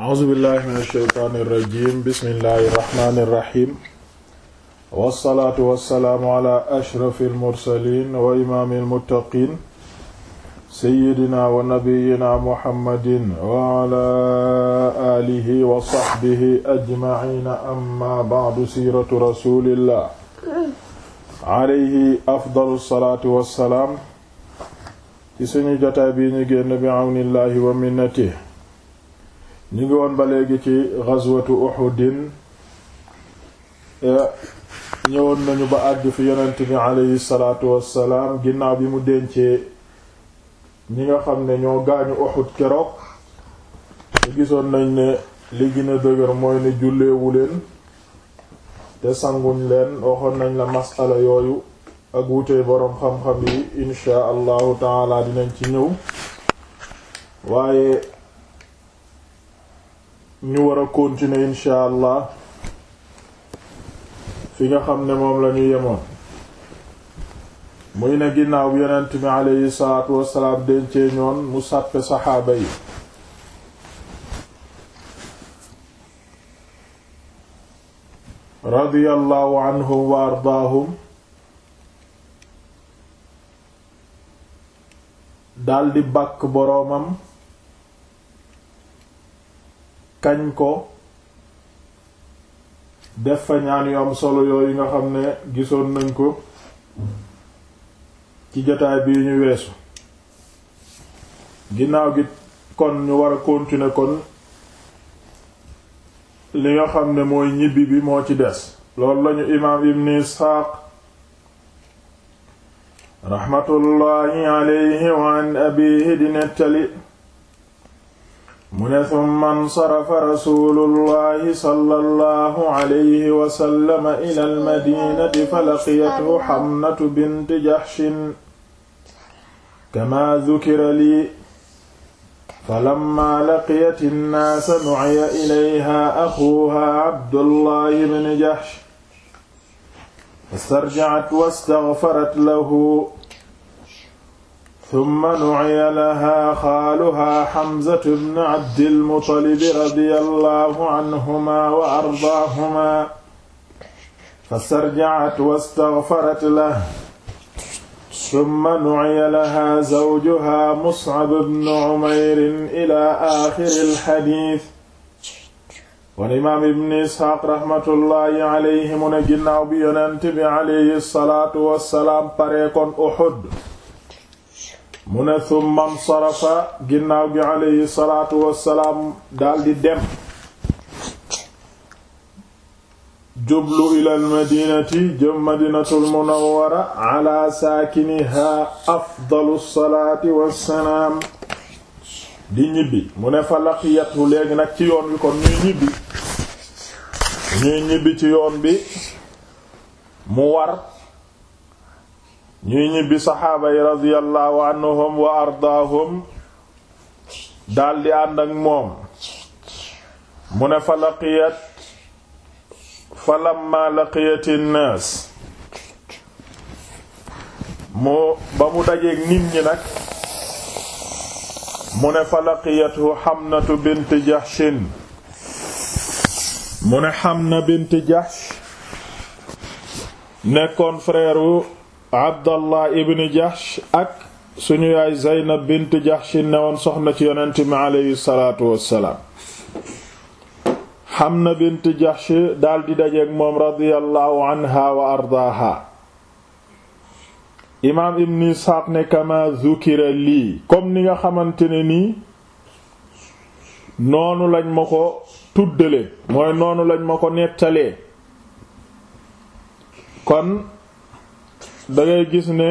a'uuzu billahi min asheytaani irrajim bismillahi irrahmaani irrahim wassalaatu wassalaamu ala ashrafi almursalin wa imaami almuttaqin seyidina wa nabiyina muhammadin wa ala alihi wa saxbihi ajmaciina amma bacdu siiratu rasulillah alayhi afdalu salaatu wassalaam ci suñu jotaay bii ñu génn bi awnillahi wa minnatihi ñu ngi woon ba léegi ci ghazwatu Uhudin eh, ñëwoon nañu ba àgg fi yonent bi aleyhi salaatu wassalaam ginnaaw bi mu dencee ñi nga xam ne ñoo gaañu Uhud keroog te gisoon nañ ne li gën a dëgër mooy ne julleewu leen te sanguñ leen waxoon nañ la masala yooyu ak wutee boroom xam-xam yi inshaa allahu taala dinañ ci ñëw waaye ñu war continuer insha allah fi nga xam ne moom lañu ñu yemoon muy ne ginnaaw yonent bi aleyhi salaatu wasalaam dencee ñoon mu sàppe saxaaba yi radiyallahu anhum wa ardaahum daldi bàkk boroomam kañ ko def fa ñaan yu am solo yooyu nga xam ne gisoon nañ ko ci jotaay bii ñu weesu ginnaaw gi kon ñu war a kon li nga xam ne mooy ñibbi bi moo ci des loolu lañu imaam ibn isxaaq raxmatullaahi alayhi wa an mu ne summa nsarafa rasulullahi sallallahu alayhi wa sallam ila almadinati falaqiyathu xamnatu bint jaxshin kama dukira lii falamma laqiyat innaasa duciya ilayha axuuha abdullahi bn jaxsh fastarjacat wastaxfarat lahu tumma nu'iya lahaa xaaluhaa Hamzatu bnu Abdil Muttalib radiyallaahu anhumaa wa ardaahumaa fastarjacat wastaghfarat lahu tumma nu'iya lahaa zawjuhaa Mus'ab bnu Umayr ilaa aaxiril hadiis wal imaam ibnu Isxaaq raxmatullaahi alayhi mu ne ginnaaw bi yonent bi alayhi salaatu wassalaam pareekoon Uhud mu ne summa nsarafa ginnaaw bi aleyhi salaatu wassalaam daldi dem jublu ilal madinati jëm madinatul munawwara ala saakiniha afdalu salaati wassalaam di ñibbi mu ne fa laqiyatu léegi nag ci yoon bi kon ñuy ñibbi ñuy ñibbi ci yoon bi mu war ñuy ñibbi saxaaba yi radiyallahu anhum wa ardaahum daldi ànd ak moom mu ne fa laqiyat fa lamma laqiyat an-naas mu ba mu dajeeg nit ñi nag mu ne fa laqiyatu Hamnatu bint Jahshin mu ne Hamna bint Jahsh nekkoon frère abdallah ibn jahsh ak suñu yaay zeynab bint jahsh newoon soxna ci yonent mi aleyhi salaatu wassalaam Hamna bint jahsh daldi dajeek moom radiyallahu anha wa ardaaha imaam ibn isxaaq ne kama zukira lii comme ni nga xamante ne nii noonu lañ ma ko tuddale mooy noonu lañ ma ko nettalee kon dangay gis ne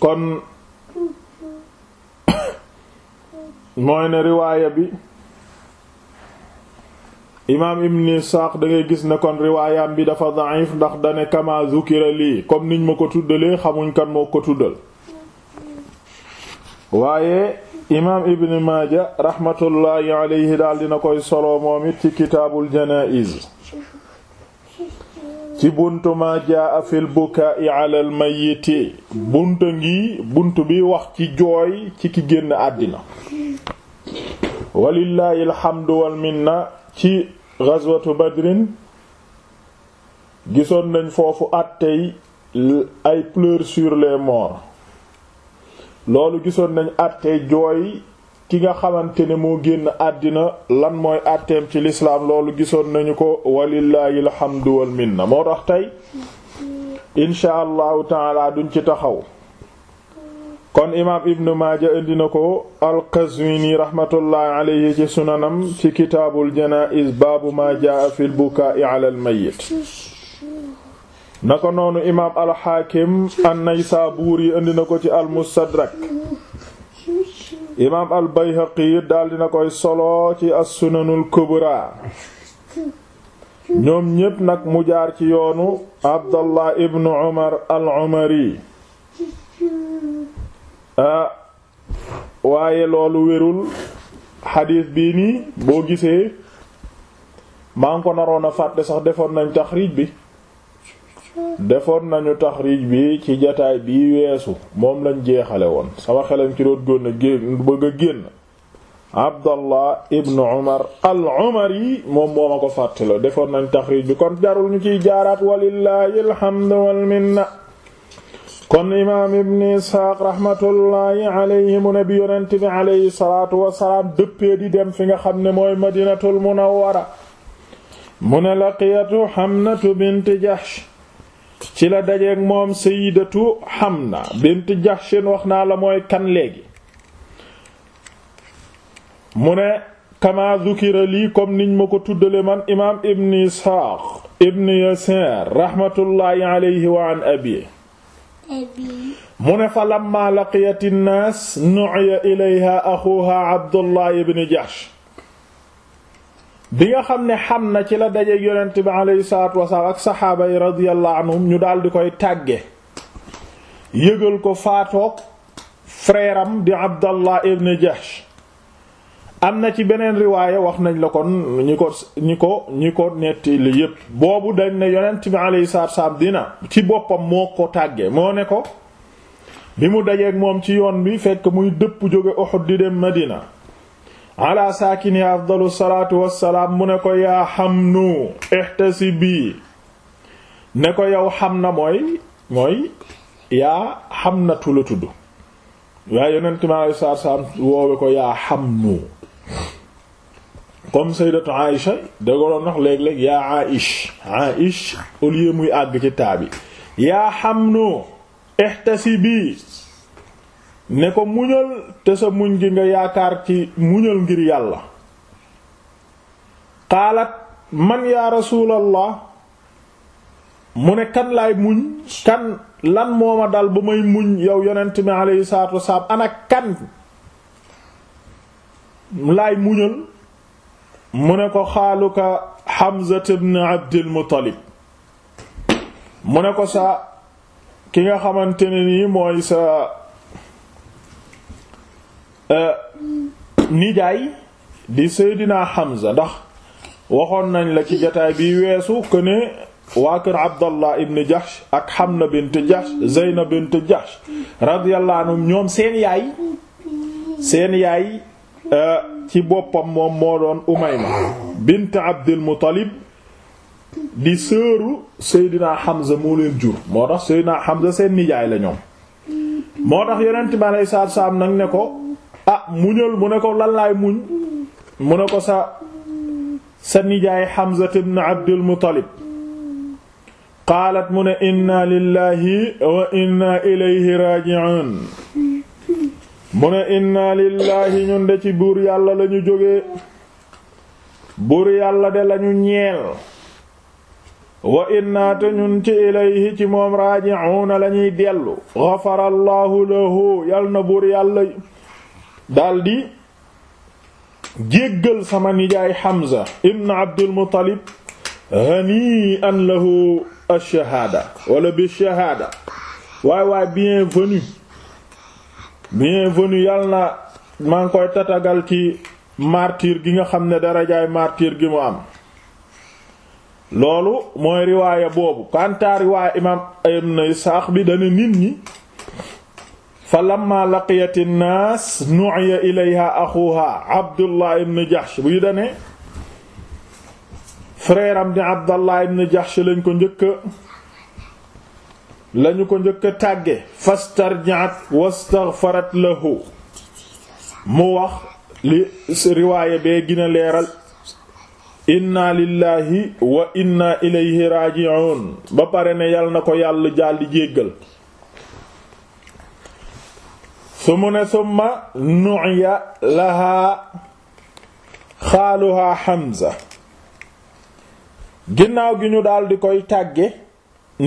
kon mooy ne riwaaya bi imaam ibn Isaaq da ngay gis ne kon riwaayam bi dafa da'if ndax dane kama zukira lii comme niñ ma ko tuddalee xamuñ kan moo ko tuddal waaye imaam ibn Maaja rahmatullahi daal dina koy solo moom it ci kitaabul janaa'iz ci buntu ma jaa fil bukaai ala al mayyiti buntu ngi buntu bi wax ci jooy ci ki génn àddina walillaahi alhamdu wal minna ci ghazwatu badrin gisoon nañ foofu àttey ay pleurs sur le morts loolu gisoon nañ àttey jooy ki nga xamante ne moo génn àddina lan mooy àtteem ci lislaam loolu gisoon nañu ko walillaahi alhamdu wal minna moo tax tey insha allahu taala duñ ci taxaw kon imaam ibnu maaja indi na ko alqazwini raxmatullaahi alayhi ci sunanam ci kitaabul janaa'iz baabu maa jaa fi lbukaa'i ala almayit na ko noonu imaam alxaakim an naysaabuuri indi na ko ci almustadrak imaam al bayhaqi daal dina koy solo ci as-sunanul kubra ñoom ñépp nag mu jaar ci yoonu abdallah ibn umar al umari ah, waaye loolu wérul xadiis bii nii boo gisee maa ngi ko naroon fàtte sax defoon nañu nañ riij bi defoon nañu taxriij bi ci jataay bii weesu moom lañ jeexale woon sama xelam ci doot góon a bëgg a génn abdallah ibnu umar al umari moom moo ma ko fàttala defoon nañ taxriij bi kon jarul ñu ciy jaaraat walillahi alhamdu wal minna kon imaam ibni isxaaq rahmatullahi alayhi mu ne bi yonent bi alayhi salaatu dëppee di dem fi nga xam ne mooy madinatul munawwara mu ne laqiyatu xamnatu bint jahsh ci la dajeeg moom sayyidatu Hamna bint Jahshin wax naa la mooy kan léegi mu ne kama zukira lii comme niñ ma ko tuddale man imaam ibn Isxaaq ibn Yasaar rahmatullahi wa an abi mu ne fa lamma laqiyat an-naas nu'iya ilayha axuha Abdullah ibn Jahsh bi nga xam ne xam na ci la dajeeg yonent bi alayhi salaatu wasalaam ak saxaaba yi radiyallahu anhum ñu daal di koy tàgge yëgal ko faatook frère am di Abdallah ibn Jahsh am na ci beneen riwaaya wax nañ la kon ñi ko ñi ko ñi ko netti li yépp boobu dañ ne yonent bi alayhi salaatu wasalaam dina ci boppam moo ko tàgge moo ne ko bi mu dajeeg moom ci yoon bi fekk muy dëpp jóge Uhud di dem Madina ala saakini afdalu salaatu wassalaam mu ne ko yaa xam nu ixtasi bii ne ko yow xam na mooy mooy yaa xam na tu la tudd waaye yonent mi alei saatu yaa xam nu comme sayyidatu Aïcha da ko doon wax léeg-léeg yaa Aïch Aïch au lieu muy àgg ci yaa xam nu ixtasi bii ne ko muñal te sa muñ gi nga yaakaar ci muñal ngir yàlla xaalat man yaa rasuulallah mu ne kan laay muñ kan lan moo dal ba may muñ yow yonent mi alayhi kan laay muñal mu ne ko xaaluka Hamza ibn Abdul Muttalib mu ne ko sa ki nga xamante ne nii mooy sa Euh, nijaay di seydinaa Hamza ndax waxoon nañ la ci jataay bi weesu que ne waa kër Abdallah ibn Jahsh ak Hamna bint Jahsh Zeyna bint Jahsh radiyallahu anhum ñoom seen yaay seen yaay euh, ci boppam moom moo doon Umayma bint Abdul Muttalib di sëru Seydina Hamza moo leen jur moo tax Seydina Hamza seen nijaay la ñoom moo tax yonent bi alayhi salaatu salaam nag ne ko ah mu ne ko lan laay muñ mu ne ko sa sa nijaay Hamza ibn Abdul Muttalib qaalat mu ne inna lillahi ñun de ci buur yàlla lañu jóge buur yàlla de lañu ñeel wa inna te ñun ci ilayhi ci moom raaji'una lañuy dellu ghafara allahu lahu yal na buur yàlla daldi jéggal sama nijaay Hamza ibn Abdul Muttalib hani'an lahu ash-shahaada wala bi shahaada waay waay bienvenue bienvenue yàlla na maa ngi koy tatagal ci martyr gi nga xam ne darajaay martyr gi mu am loolu mooy riwaaya boobu kanta riwaaya imaam ibn Isaaq bi dana nit ñi fa lamma laqiyat nnaas nu'iya ilayha axuha abdullah ibn jahsh buy dane frère am di abdallah ibn jahsh lañ ko njëkk lañu ko njëkk a tàgge fastarja'at wastaghfarat lahu mu wax li riwaaya bee gina leeral inna lillahi wa inna ilayhi raji'un ba pare ne yal na ko yàlla jàlli jéggal su mu ne summa nuya lahaa xaaluhaa Hamza ginnaaw gi ñu daldi koy tàgge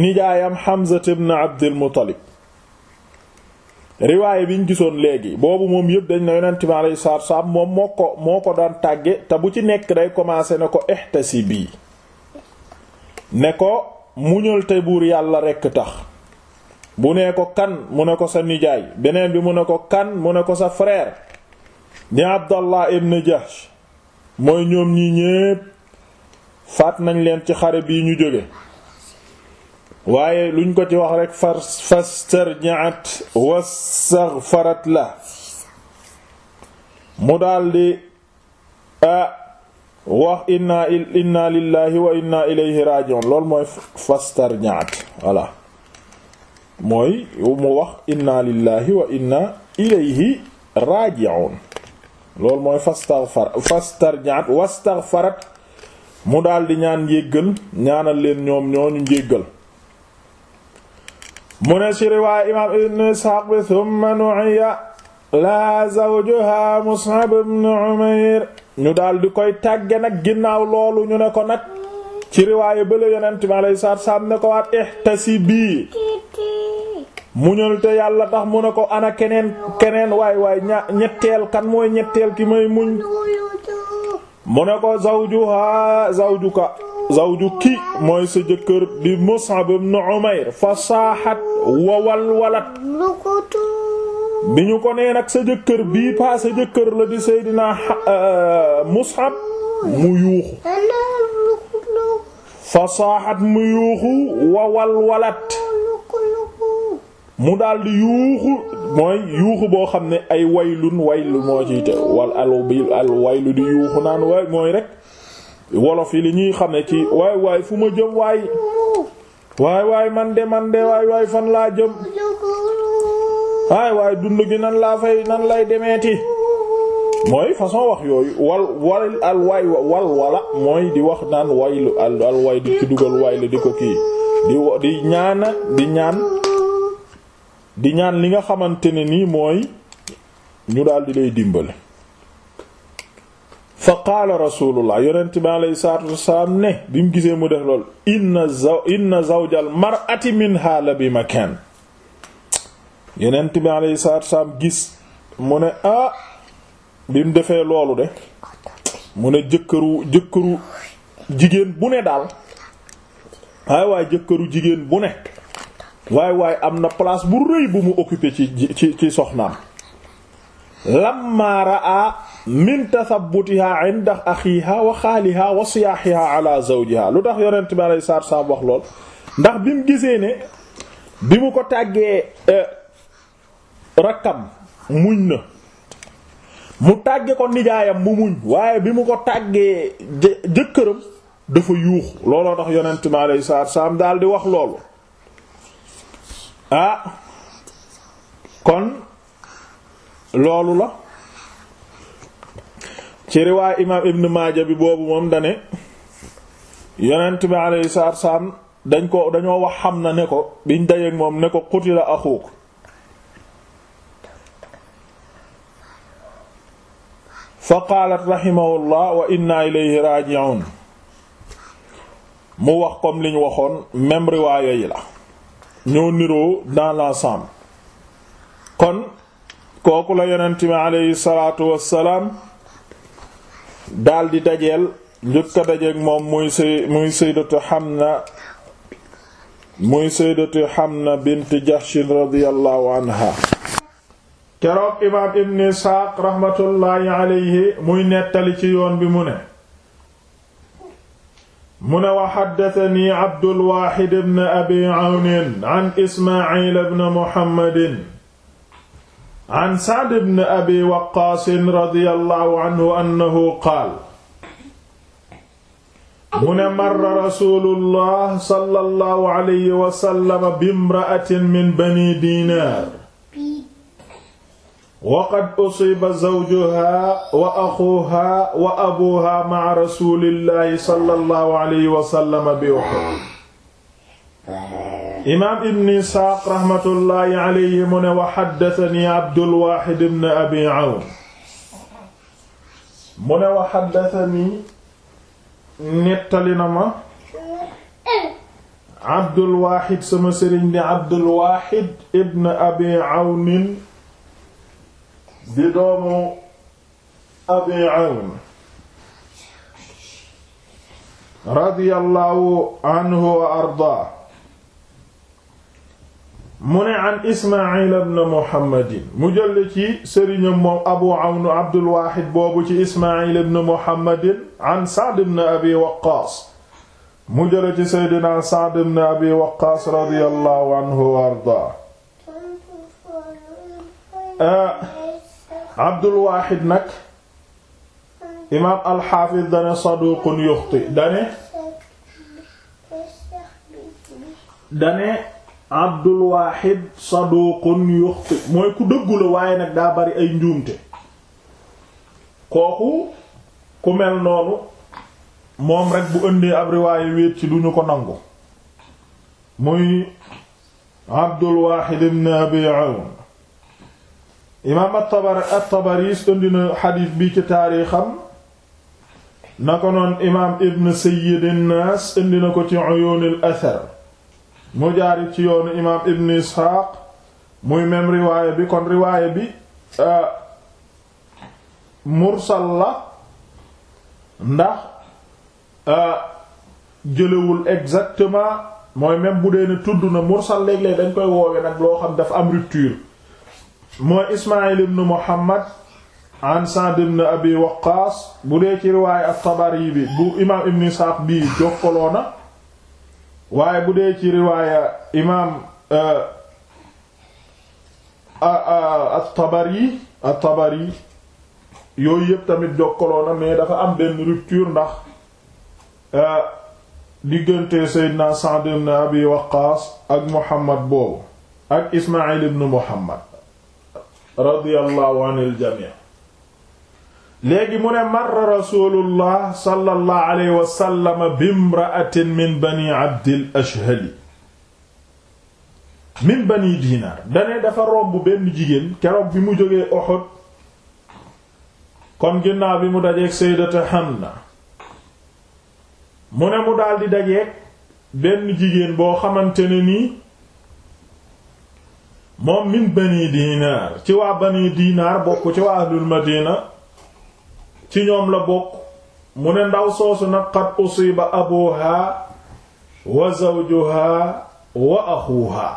nijaayam Hamza ibn Abdul Muttalib riwaaye bi ñu gisoon léegi boobu moom yëpp dañ ne yonent bi alayhi moom moo ko daan tàgge te bu ci nekk day commencer na ko ihtasibi ne ko muñal te buur yàlla rekk tax bu ne ko kan mu ne ko sa nijaay beneen bi mu ne ko kan mu ne ko sa frère di abdallah ibn jahsh mooy ñoom ñi ñépp faat nañ leen ci xare bi ñu jóge waaye luñ ko ci wax rek far fastarjaat farat la mu daldi a wax inna inna lillahi wa inna ilayhi raji'un loolu mooy fastarjaat voilà mooy mu wax inna lillahi wa inna ilayhi raaji'un loolu mooy fastaghfar fastarja'at wastaghfarat mu daldi ñaan njéggal ñaanal leen ñoom ñooñu njéggal mu ne ci riwaaya imaam ibn Isxaaq bi thumma nu'iya la zawjuha Mus'ab ibn Umayr ñu daldi koy tàgge nag ginnaaw loolu ñu ne ko nag ci riwaaya bële yonent bi alayhi ne ko waat ihtasibi muñal te yàlla tax mu ne ko ana keneen keneen waay waay ña ñetteel kan mooy ñetteel ki may muñ mu ne ko zawjuha zawjuka zawjuki mooy sa jëkkër di Mus'ab ibn Umayr fa saaxat wa walwalat bi ñu ko nee nag sa jëkkër bii paa sa jëkkër la di Seydina eh, Mus'ab mu yuuxu fa mu yuuxu wa walwalat mu daal di yuuxu mooy yuuxu boo xam ne ay waylun waylu moo ci wal al waylu di yuuxu naan waay mooy rek wolof yi li ñuy xam ne ci waay waay fu ma jëm waay waay waay man de man de waay waay fan laa jëm waay waay dund gi nan laa fay nan lay demeeti mooy façon wax yooyu wal wal al waay wal wala mooy di wax naan waylu al al di ci dugal waay di ko kii di ñaana di ñaan di ñaan li nga xamante ne nii mooy ñu daal di lay dimbale fa qaala rasulullah yonent bi alayhi salaatu wasalaam ne bi mu gisee mu def lool inna zaw inna zawjal mar'ati minha la bi makan yonent bi alayhi salaatu wasalaam gis mu ne ah bi mu defee loolu de mu ne jëkkëru jëkkëru jigéen bu ne daal ay waay jëkkëru jigéen bu ne waay waay am na place bu rëy bu mu occupé ci ci ci soxnaam lamma raa min tathabutiha inda axiha wa xaaliha wa siyaahiha ala zawjiha lu tax yonent bi alei saatu salaam wax lool ndax bi mu gisee ne bi mu ko tàggee e, rakkam muñ na mu tàgge ko nijaayam mu muñ waaye bi mu ko tàggee jëkkëram dafa yuux looloo tax yonent bi alei saatu salaam daal di wax loolu ah kon loolu la ci riwaay imaam ibn Maaja bi boobu moom dane yonent bi alayhi salaatu dañ ko dañoo wax xam na ne ko biñ dajeek moom ne ko qutila axuuk fa qaalat rahimahullah wa inna ilayhi raaji'uun mu wax comme liñ waxoon même riwaaya yi la ñoo niroo dans l'ensemble kon kooku la yonent mi aleyhi salaatu wassalaam daldi dajeel njëkk a moom muy say muy muy sayyidatu Hamna bint Jahsh radiyallahu anha keroog imaam ibn Isxaaq rahmatullahi aleyhi muy nettali ci yoon bi mu ne mu ne wa xaddatani abdulwaxid bn abi awnin an ismail bn muhammadin an saad bn abi waqaasin radiyallahu anhu annahu qaal mu ne marra rasulullah sallallahu alayhi wa sallam bimra'atin min bani diinaar waqad usiba zawjuha wa axuha wa abuha ma'a rasulillahi sallallahu alayhi wa sallam bi Uhud imaam ibn Isxaaq raxmatullahi alayhi mu ne wa xaddatani Abdul Waaxid ibn Abi Awn mu ne wa xaddatani nettali na ma Abdul Waaxid sama sëriñ di Abdul Waaxid ibn Abi Awnin di doomu abi awn radiyallahu anhu wa ardaa mu ne an ismail ibn muhammadin mu jëlle ci sëriñam moom abu awn abdul waaxid boobu ci ismail ibn muhammadin an sa'd ibn abi waqqaas mu jële ci seydina sa'd ibn abi waqqaas radiyallahu anhu wa ardaa Abdul Wahid nag imaam alxaafiz dane saduqun yuxti dane dane Abdul Wahid saduqun yuxti mooy ku dëggu waaye nag daa bari ay njuumte kooku ku mel noonu moom rek bu ëndee ab riwaayu wéet ci duñu ko nangu muy Abdul Wahid ibn imaam at-Tabari at-Tabari indi na xadiis bi ci taarixam na ko noon imaam Ibn Sayyid an-Naas indi na ko ci Uyuun ci yoonu imaam Ibn Isxaaq muy même riwaayé bi kon riwaayé bi euh, mursal la ndax euh, jëlewul exactement mooy même bu dee ne tudd na mursal léeg-léeg dañ koy woowe nag loo xam dafa am rupture mooy Ismaïl ibn Muhammad an Sa'd ibn Abi Waqqas bu dee ci riwaaya at-Tabari bi bu imaam ibn Isxaaq bi jokkaloo na waaye bu dee ci riwaaya imaam euh, euh, euh, at-Tabari at-Tabari yëpp tamit jokkaloo na dafa am benn rupture ndax diggante Seydina Sa'd ibn Abi Waqqas ak Muhammad boobu ak Ismaïl ibn Muhammad léegi mu ne marra rasulullah sallallahu alayhi wa sallam bimra'atin min bani abdil ashhali min bani diinaar dane dafa romb benn jigéen keroog bi mu jógee Uhud kon ginnaaw bi mu dajeeg sayyidata Hanna mu ne mu daldi dajeeg benn jigéen boo xamante ne nii moom min bani dinaar ci waa bani dinaar bokk ci waa ahlul madina ci ñoom la bokk mu ne ndaw soosu nag qad usiba abuha wa zawjuha wa axuha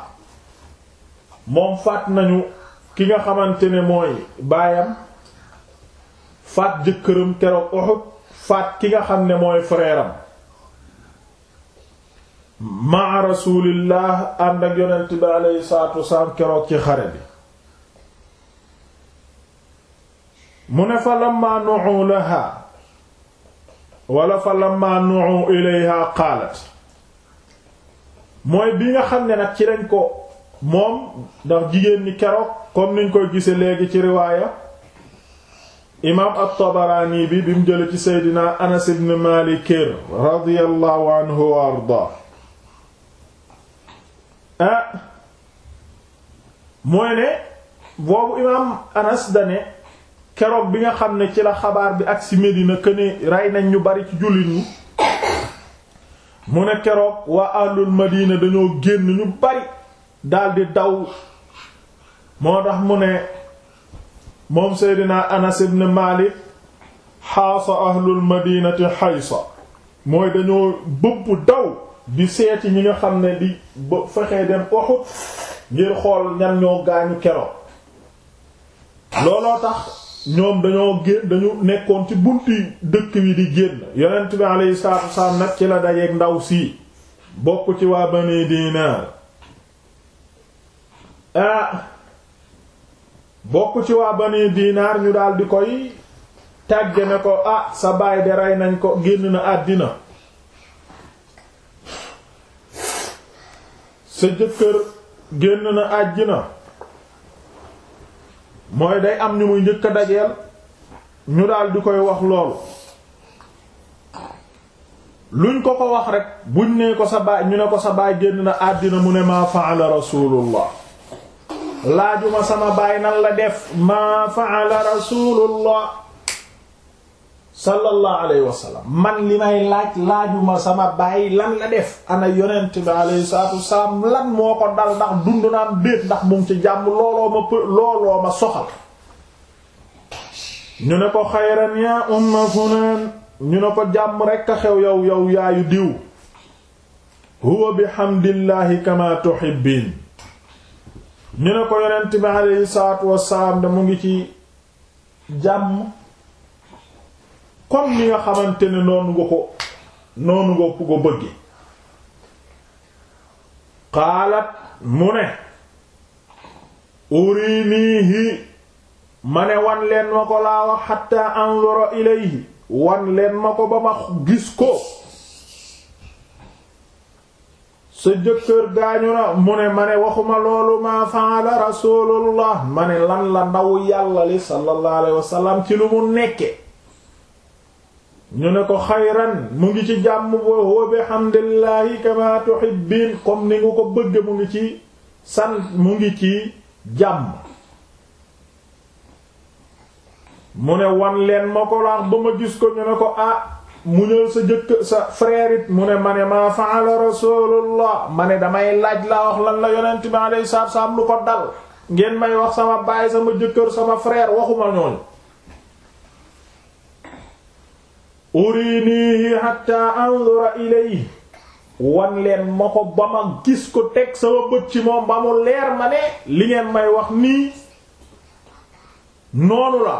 moom faat nañu ki nga xamante ne mooy baayam faat jëkkëram keroog Uhud faat ki nga xam ne mooy frère maa rasulillah ànd ak yonent bi aleyhi salaatu wasalaam keroog ci xare bi mu ne fa lamma nu'u laha wala fa lamma nu'u ilayha qaalat mooy bi nga xam ne nag ci lañ ko moom ndax jigéen ñi keroog comme niñ koy gise léegi ci riwaaya imaam at-Tabaraani bi bi mu jële ci seydina Anas ibn Maalik radiyallahu anhu wa ardaa ah mooy ne boobu imaam Anas dane keroog bi nga xam ne ci la xabaar bi agsi Medina këne rey nañ ñu bari ci jullit ñi mu ne keroog waa ahlul Madina dañoo génn ñu bari daldi daw moo tax mu ne moom Seydina Anas ibn Malik xaasa ahlul Madinati xaysa mooy dañoo bëpp daw bi seeti ñi nga xam ne di ba fexee dem Uhud ngir xool ñan ñoo gaañu keroog looloo tax ñoom dañoo génn dañu nekkoon ci bunti dëkk bi di génn yonent bi alayhi salaatu nag ci la dajeeg ndaw sii bokk ci waa Bani Dinaar ah bokk ci waa Bani Dinaar ñu daal di koy tàgge ne ko ah sa baay de rey nañ ko génn na àddina sa jëkkër génn na àjjina mooy day am ñu muy njëkk dajeel ñu daal di koy wax loolu luñ ko ko wax rek buñ nee ko sa baay ñu ne ko sa baay génn na àddina mu ne maa faala laajuma sama baay nan la def maa faala sallallahu alayhi wa sallam man li may laaj laajuma sama baay lan la def ana yonent bi alayhi salaatu wasalaam lan moo ko dal ndax dund naam déet ndax mu ngi ci jàmm looloo ma p looloo ma soxal ñu ne ko xayran yaa umma fulaan ñu ne ko jàmm rekk a xew yow yow yaayu diw huwa bihamdillahi kama tuhibbiin ñu ne ko yonent bi alayhi salaatu wasalaam da mu ngi ci jàmm comme ni nga xamante ne noonu nga ko noonu nga ko bëgge xaalat mu ne uriniihi ma ne wan leen ma ko laa wax xatta anzura ilayhi wan leen ma ko ba ma gis ko sa jëkkër gaañu na mu ne ma ne waxuma loolu ma faala rasulullah ma ne lan la ndaw yàlla li sallallahu ci lu mu nekke ñu ne ko xayran mu ngi ci jàmm boo bi hamdillahi kama tuhibbiin comme ni nga ko bëgg mu ngi ci sant mu ngi ci jàmm mu ne wan leen ma ko laax ba ma gis ko ñu ne ko ah mu ñëw sa jëkk sa frère it mu ne ma ne maa faala rasulullah ma ne damay laaj la wax lan la yonent bi alayhi salaatu salaam lu ko dal ngeen may wax sama baay sama jëkkër sama frère waxuma ñooñu urinihi hatta anzura ilayhi wan leen ma ko ba ma gis ko teg sama bët ci moom ba mu leer ma ne li ngeen may wax nii noonu la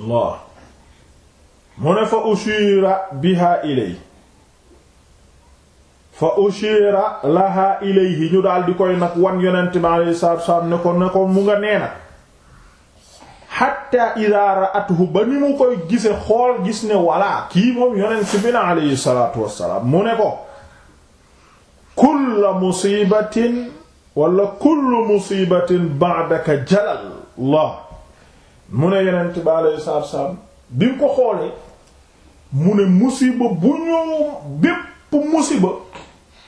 Allah mu ne fa ushira biha ilay fa ushira laha ilayhi ñu daal koy nag wan yonent bi alayhi salaatu wa ne ko ne ko mu nga nee na xatta idaa ra'athu ba ni mu koy gise xool gis ne walaa kii moom yonent bi na alayhi salaatu wassalaam mu ne ko kulla musiibatin walla kullu musiibatin ba'daka jalal la mu ne yonent bi alayhi salaatu wassalaam bi mu ko xoolee mu ne musiba bu ñu bépp musiba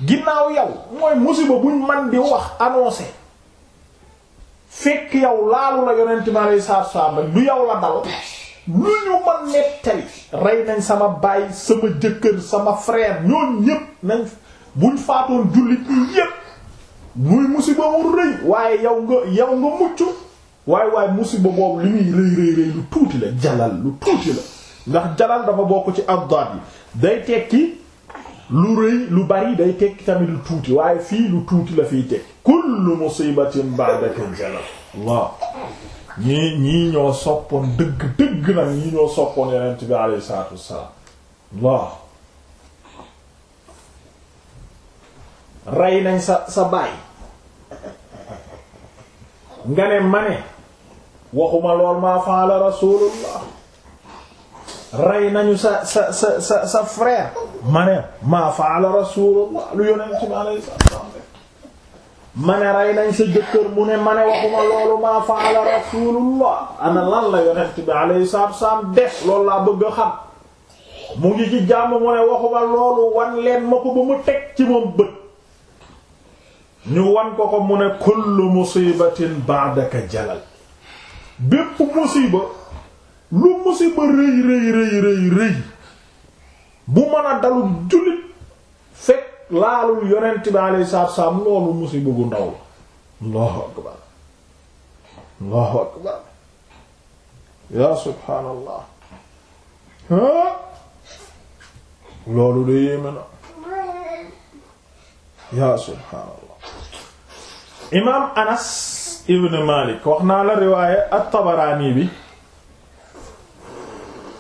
ginnaaw yow mooy musiba buñ man di wax annoncé fekk yow laalu la yonent mi aleyhi salaatu wa salaam du yow la dal lu ñu ma nettali rey nañ sama baay sama jëkkër sama frère ñooñ ñépp nañ buñ faatoon jullit ñi yépp muy musiba mu rëy waaye yow nga yow nga mucc waaye waaye musiba boobu li muy rëy rëy rëy lu tuuti la jalal lu tuuti la ndax jalal dafa bokk ci addaat yi day tekki lu rëy lu bari day tekki tamit lu tuuti waaye fii lu tuuti la fiy tekki kullu musibatin ba'daka jalal waaw ñii ñii ñoo soppoon dëgg dëgg nag ñii ñoo soppoon yonent bi alayhi sa sa baay nga ne ma ne waxuma lool maa faala rasulullah rey nañu sa sa sa sa sa frère ma ne maa faala rasulullah lu yonent bi alayhi salaam ma ne rey nañ sa jëkkër mu ne ma ne waxuma loolu maa faala rasulullah ana lan la yonent bi alayhi salaam def loolu laa bëgg xam mu ngi ci jàmm mu ne waxuma loolu wan leen ma ko ba mu teg ci moom bët ñu wan ko ko mu ne kullu musibatin ba'daka jalal bépp musiba lu musiba rëy rëy rëy rëy rëy bu mën a dalul jullit fekk laalul yonent bi alayhi salaatu salaam loolu musiba bu ndaw la allahu akbar allahu yaa subhaanallah loolu de yéeme na yaa subhaanallah imaam anas ibn malik wax naa la riwaaya at bi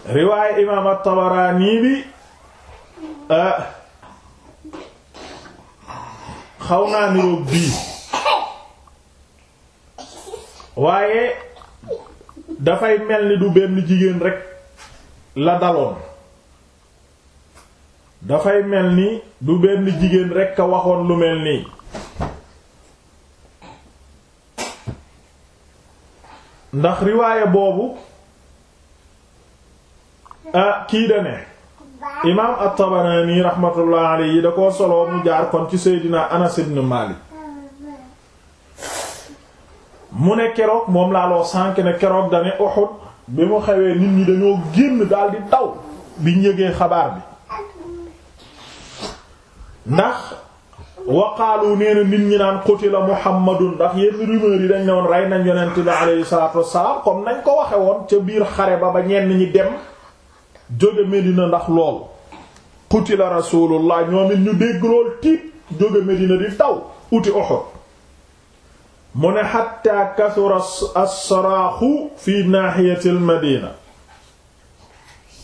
riwaay imaam at-Tabaraani bi ah, xaw naa niroog bii waaye dafay mel ni du benn jigéen rek la daloon dafay mel ni du benn jigéen rekk a waxoon lu mel nii ndax riwaaya boobu Ah, kii da ne imaam at-Tabarani rahmatullah alayhi da koo soloo mu jaar kon ci Seydina Anas ibn mu ne keroog moom laa loo sànk ne keroog da ne Uhud bi mu xewee nit ñi dañoo génn daal di daw biñ yëgee xabaar bi ndax waqaalu nee na nit ñi naan qutila Muhammadun ndax yenn rumeur yi dañ ne woon rey nañ yonent bi alayhi salaatu wassalaam comme nañ ko waxe woon ca biir xare ba ba ñenn ñi dem jóge Medina ndax lool qutila rasulullah ñoom it ñu dégg lool tiit jóge Medina di taw uti Uhud mu ne xatta kasura as fi naaxiyati al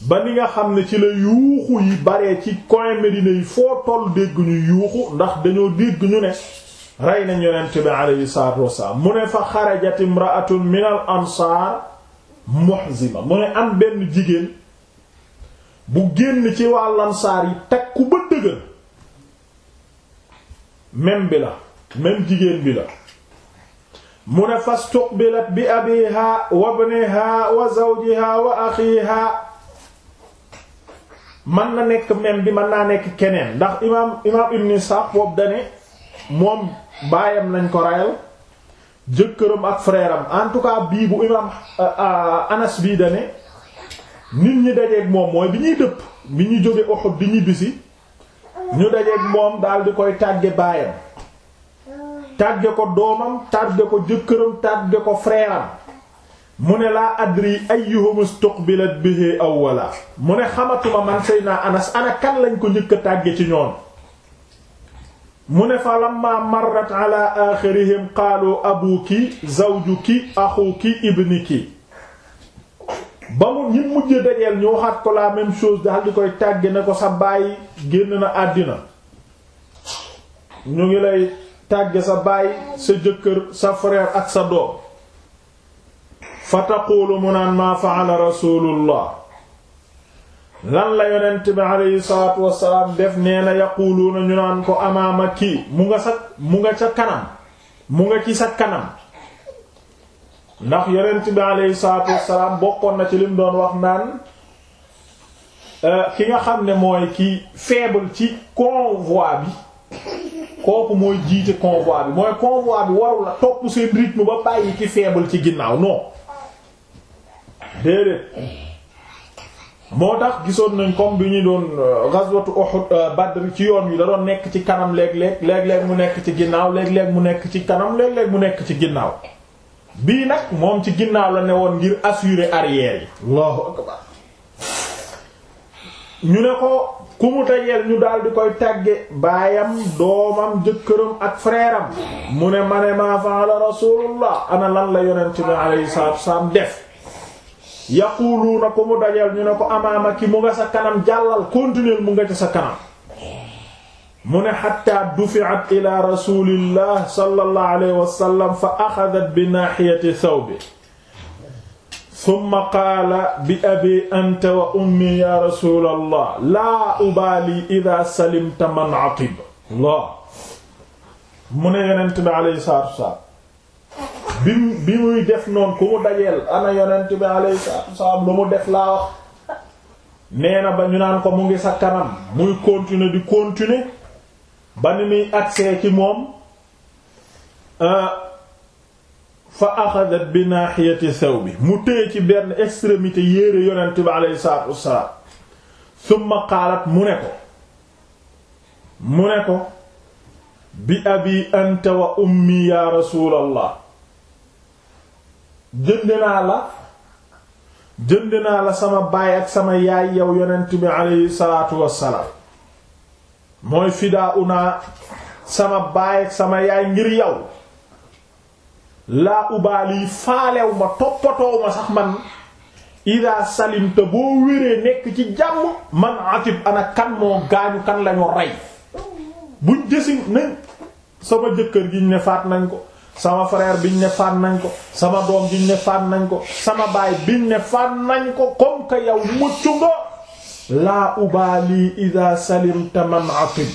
ba ni nga xam ne ci la yuuxu yi baree ci coin Medina yi foo toll dégg ñu yuuxu ndax dañoo dégg ñu ne rey nañ yonent bi alayhi salaatu wasalaam mu ne fa xarajat imra'atun min ansaar muhzima mu ne am benn jigéen bu génn ci waa lansaar yi takku ba dëgër même bi la même jigéen bi la mu ne fastuqbilat bi abiha wa ibniha wa zawjiha wa axiha man na nekk même bi mën naa nekk keneen ndax imaam imaam ibn Isaaq boobu dane moom baayam nañ ko rayal jëkkëram ak frère am en tout cas bii bu imaam euh, euh, Anas bii dane nit ñi dajeeg moom mooy bi ñuy dëpp bi ñu jóge Uhud di ñibbisi ñu dajeeg moom daal di koy tàgge baayam tàgge ko doomam tàgge ko jëkkëram tàgge ko frèram mu ne laa adri ayyuhum istuqbilat aw awwala mu ne xamatuma man Seydina Anas ana kan lañ ko njëkk tàgge ci ñoom mu ne fa lamma marrat ala axirihim qaalu abuki zawjuki axuki ibniki ba mu ñi mujj dajeel ñu waxaat ko la même chose daal di koy tàgge ne ko sa baay génn na àddina ñu ngi lay tàgge sa baay sa jëkkër sa frère ak sa doom fa taqulu mu naan maa fa'ala rasulullah lan la yonent bi aleyhi salaatu wasalaam def nee na yaquluuna ñu naan ko amaama kii mu nga sa mu nga ca kanam mu nga ci sa kanam ndax yeneen bi alayhi salaatu wassalaam bokkoon na ci lim doon wax naan eh, ki nga xam ne mooy ki faible ci convoi bi kooku mooy jiite convoi bi mooy convoi bi warul la topp seen rythme ba bàyyi ki faible ci ginnaaw noo déedéet moo tax gisoon nañ comme bi ñuy doon eh, ghazwatu Uhud eh, Badr ci yoon wi da doon nekk ci kanam léeg-léeg léeg mu nekk ci ginnaaw léeg-léeg mu nekk ci kanam léeg-léeg mu nekk ci ginnaaw bii nag moom ci ginnaaw la ne woon ngir assurer arrière yi Allahu akbar ñu ne ko ku mu tajeel ñu daal di koy tàgge baayam doomam jëkkëram ak frère am mu ne ma ne maa fa'ala rasulullah ana lan la yonent bi alayhi salaatu wassalaam def yaquluuna ku mu dajeel ñu ne ko amaama ki mu nga sa kanam jàllal continuer mu nga ci sa kanam mu ne xatta dufi'at ila rasulillah sallallahu alayhi wa sallam fa axadat bi naaxiyati thawbi summa qaala bi abi anta wa ummi ya rasulallah laa ubaali ida salimta man atib Allah mu ne yonent bi alayhi salaatu wa salaam bi bi muy def noonu ku mu dajeel ana yonent bi alayhi salaatu wa salaam lu mu def laa wax nee na ba ñu naan ko mu ngi sa kanam muy continuer di continuer ba ni muy agsee ci moom euh, fa axadat bi naaxiyati sew bi mu téye ci benn extrémité yére yonent bi aleyhi salaatu wassalaam summa qaalat mu ne ko mu ne ko bi abi anta wa ummi ya rasuulallah jënd naa la jënd naa la sama baay ak sama yaay yow yonent bi aleyhi salaatu wassalaam mooy fidaa una sama baay sama yaay ngir yow laa ubaali faalew ma toppatoow ma sax man ida salimta boo wéree nekk ci jàmm man atib ana kan moo gaañu kan lañu rey buñ jësin nañ sama jëkkër giñ ne faat nañ ko sama frère biñ ne faat nañ ko sama doom biñ ne faat nañ ko sama baay biñ ne faat nañ ko comme que muccu nga laa ubaali ida salimta man atib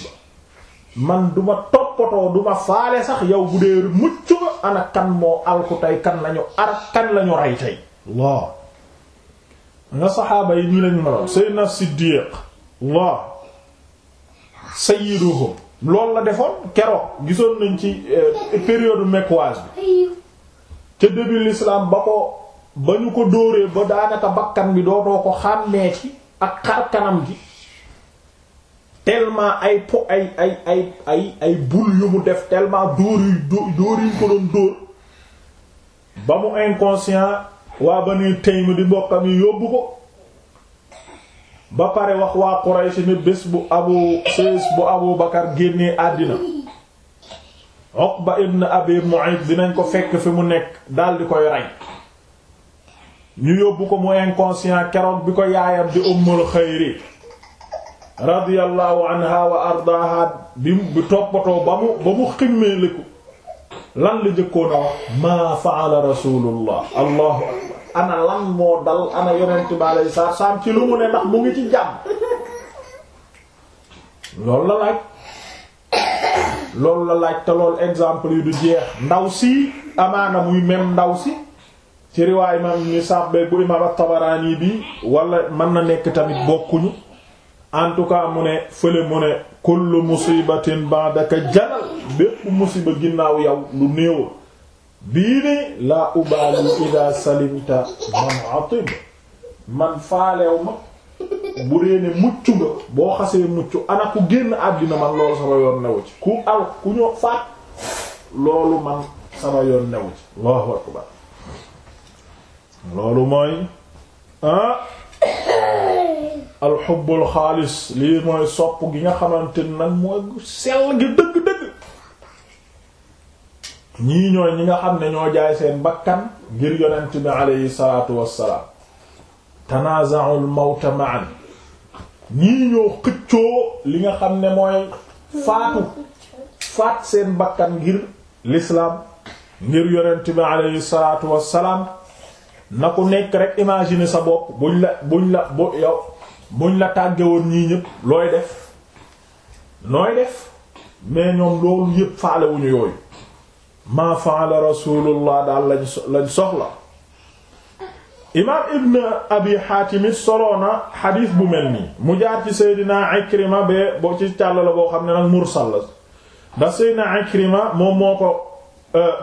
man duma toppatoo duma faale sax yow bu dee mucc nga ana kan moo alku kan lañu ar kan lañu rey tey Allah nga saxaaba yi ñu lañ meloon sayyidina Siddiq Allah sayyiduhum loolu la defoon keroog gisoon nañ ci eh, période mecquoise bi ca début l'islam ba ko ba ñu ko dóoree ba daanaka bakkan bi dootoo ko xàmmeeti ak xar kanam gi tellement ay po ay ay ay bul yu mu def tellement dóor ko doon dóor ba mu inconscient waa Banu Taym di mbokkam yi yóbbu ko ba pare wax waa Quraysh ni bés bu abu sées bu Abu Bakar génnee àddina Uqba ibn Abi Mu'ayt dinañ ko fekk fi mu nekk dal di koy rey ñu yóbbu ko mu inconscient keroog bi ko yaayam di ummul xayri radiyallahu anha wa ardaaha bi bi toppatoo ba mu ba mu lan la jëkkoon a wax maa faala rasulullah allahu akbar moo dal ana yonent bi aleyhi salaatu ci lu mu ne ndax mu ngi ci jàmm loolu la laaj loolu la laaj te loolu exemple yi du jeex ndaw si amaana muy même ndaw si ci riwaay imam ni sàbbe bu imam at-Tabarani bi wala mën na nekk tamit bokkuñu en tout cas mu ne fële mu ne kullu musibatin ba'daka janal bépp musiba ginnaaw yow lu néew bii ni laa ubaali ida salimta man atib ma bu dee ne nga boo xasee mucc ana ku génn àddina man loolu sama yoon newu ci ku al ku ñoo faat loolu man sama yoon newu ci Allahu akbar loolu mooy ah xaalis lii mooy sopp gi nga xamante ni nag mooy sell gi dëgg-dëgg ñii ñooy ñi nga xam ne ñoo jaay seen bakkan ngir yonent bi aleyhi salaatu wassalaam tanaaza'ul mawta ma'an ñii ñoo xëccoo li nga xam ne mooy faatu faat seen bakkan ngir lislaam ngir yonent bi aleyhi salaatu wassalaam na ku nekk rek imaginer sa bopp buñ la buñ la bu yow buñ la tàggewoon ñii ñëpp looy def looy def mais ñoom loolu yëpp faale wuñu yooyu ma faala rasulullah daal lañ soxla imaam ibn abi haatim soloona xadiis bu mel nii mu jaar ci seydina ikrima bee boo ci càll la boo xam ne nag mursal la ndax seydina ikrima moom moo ko euh,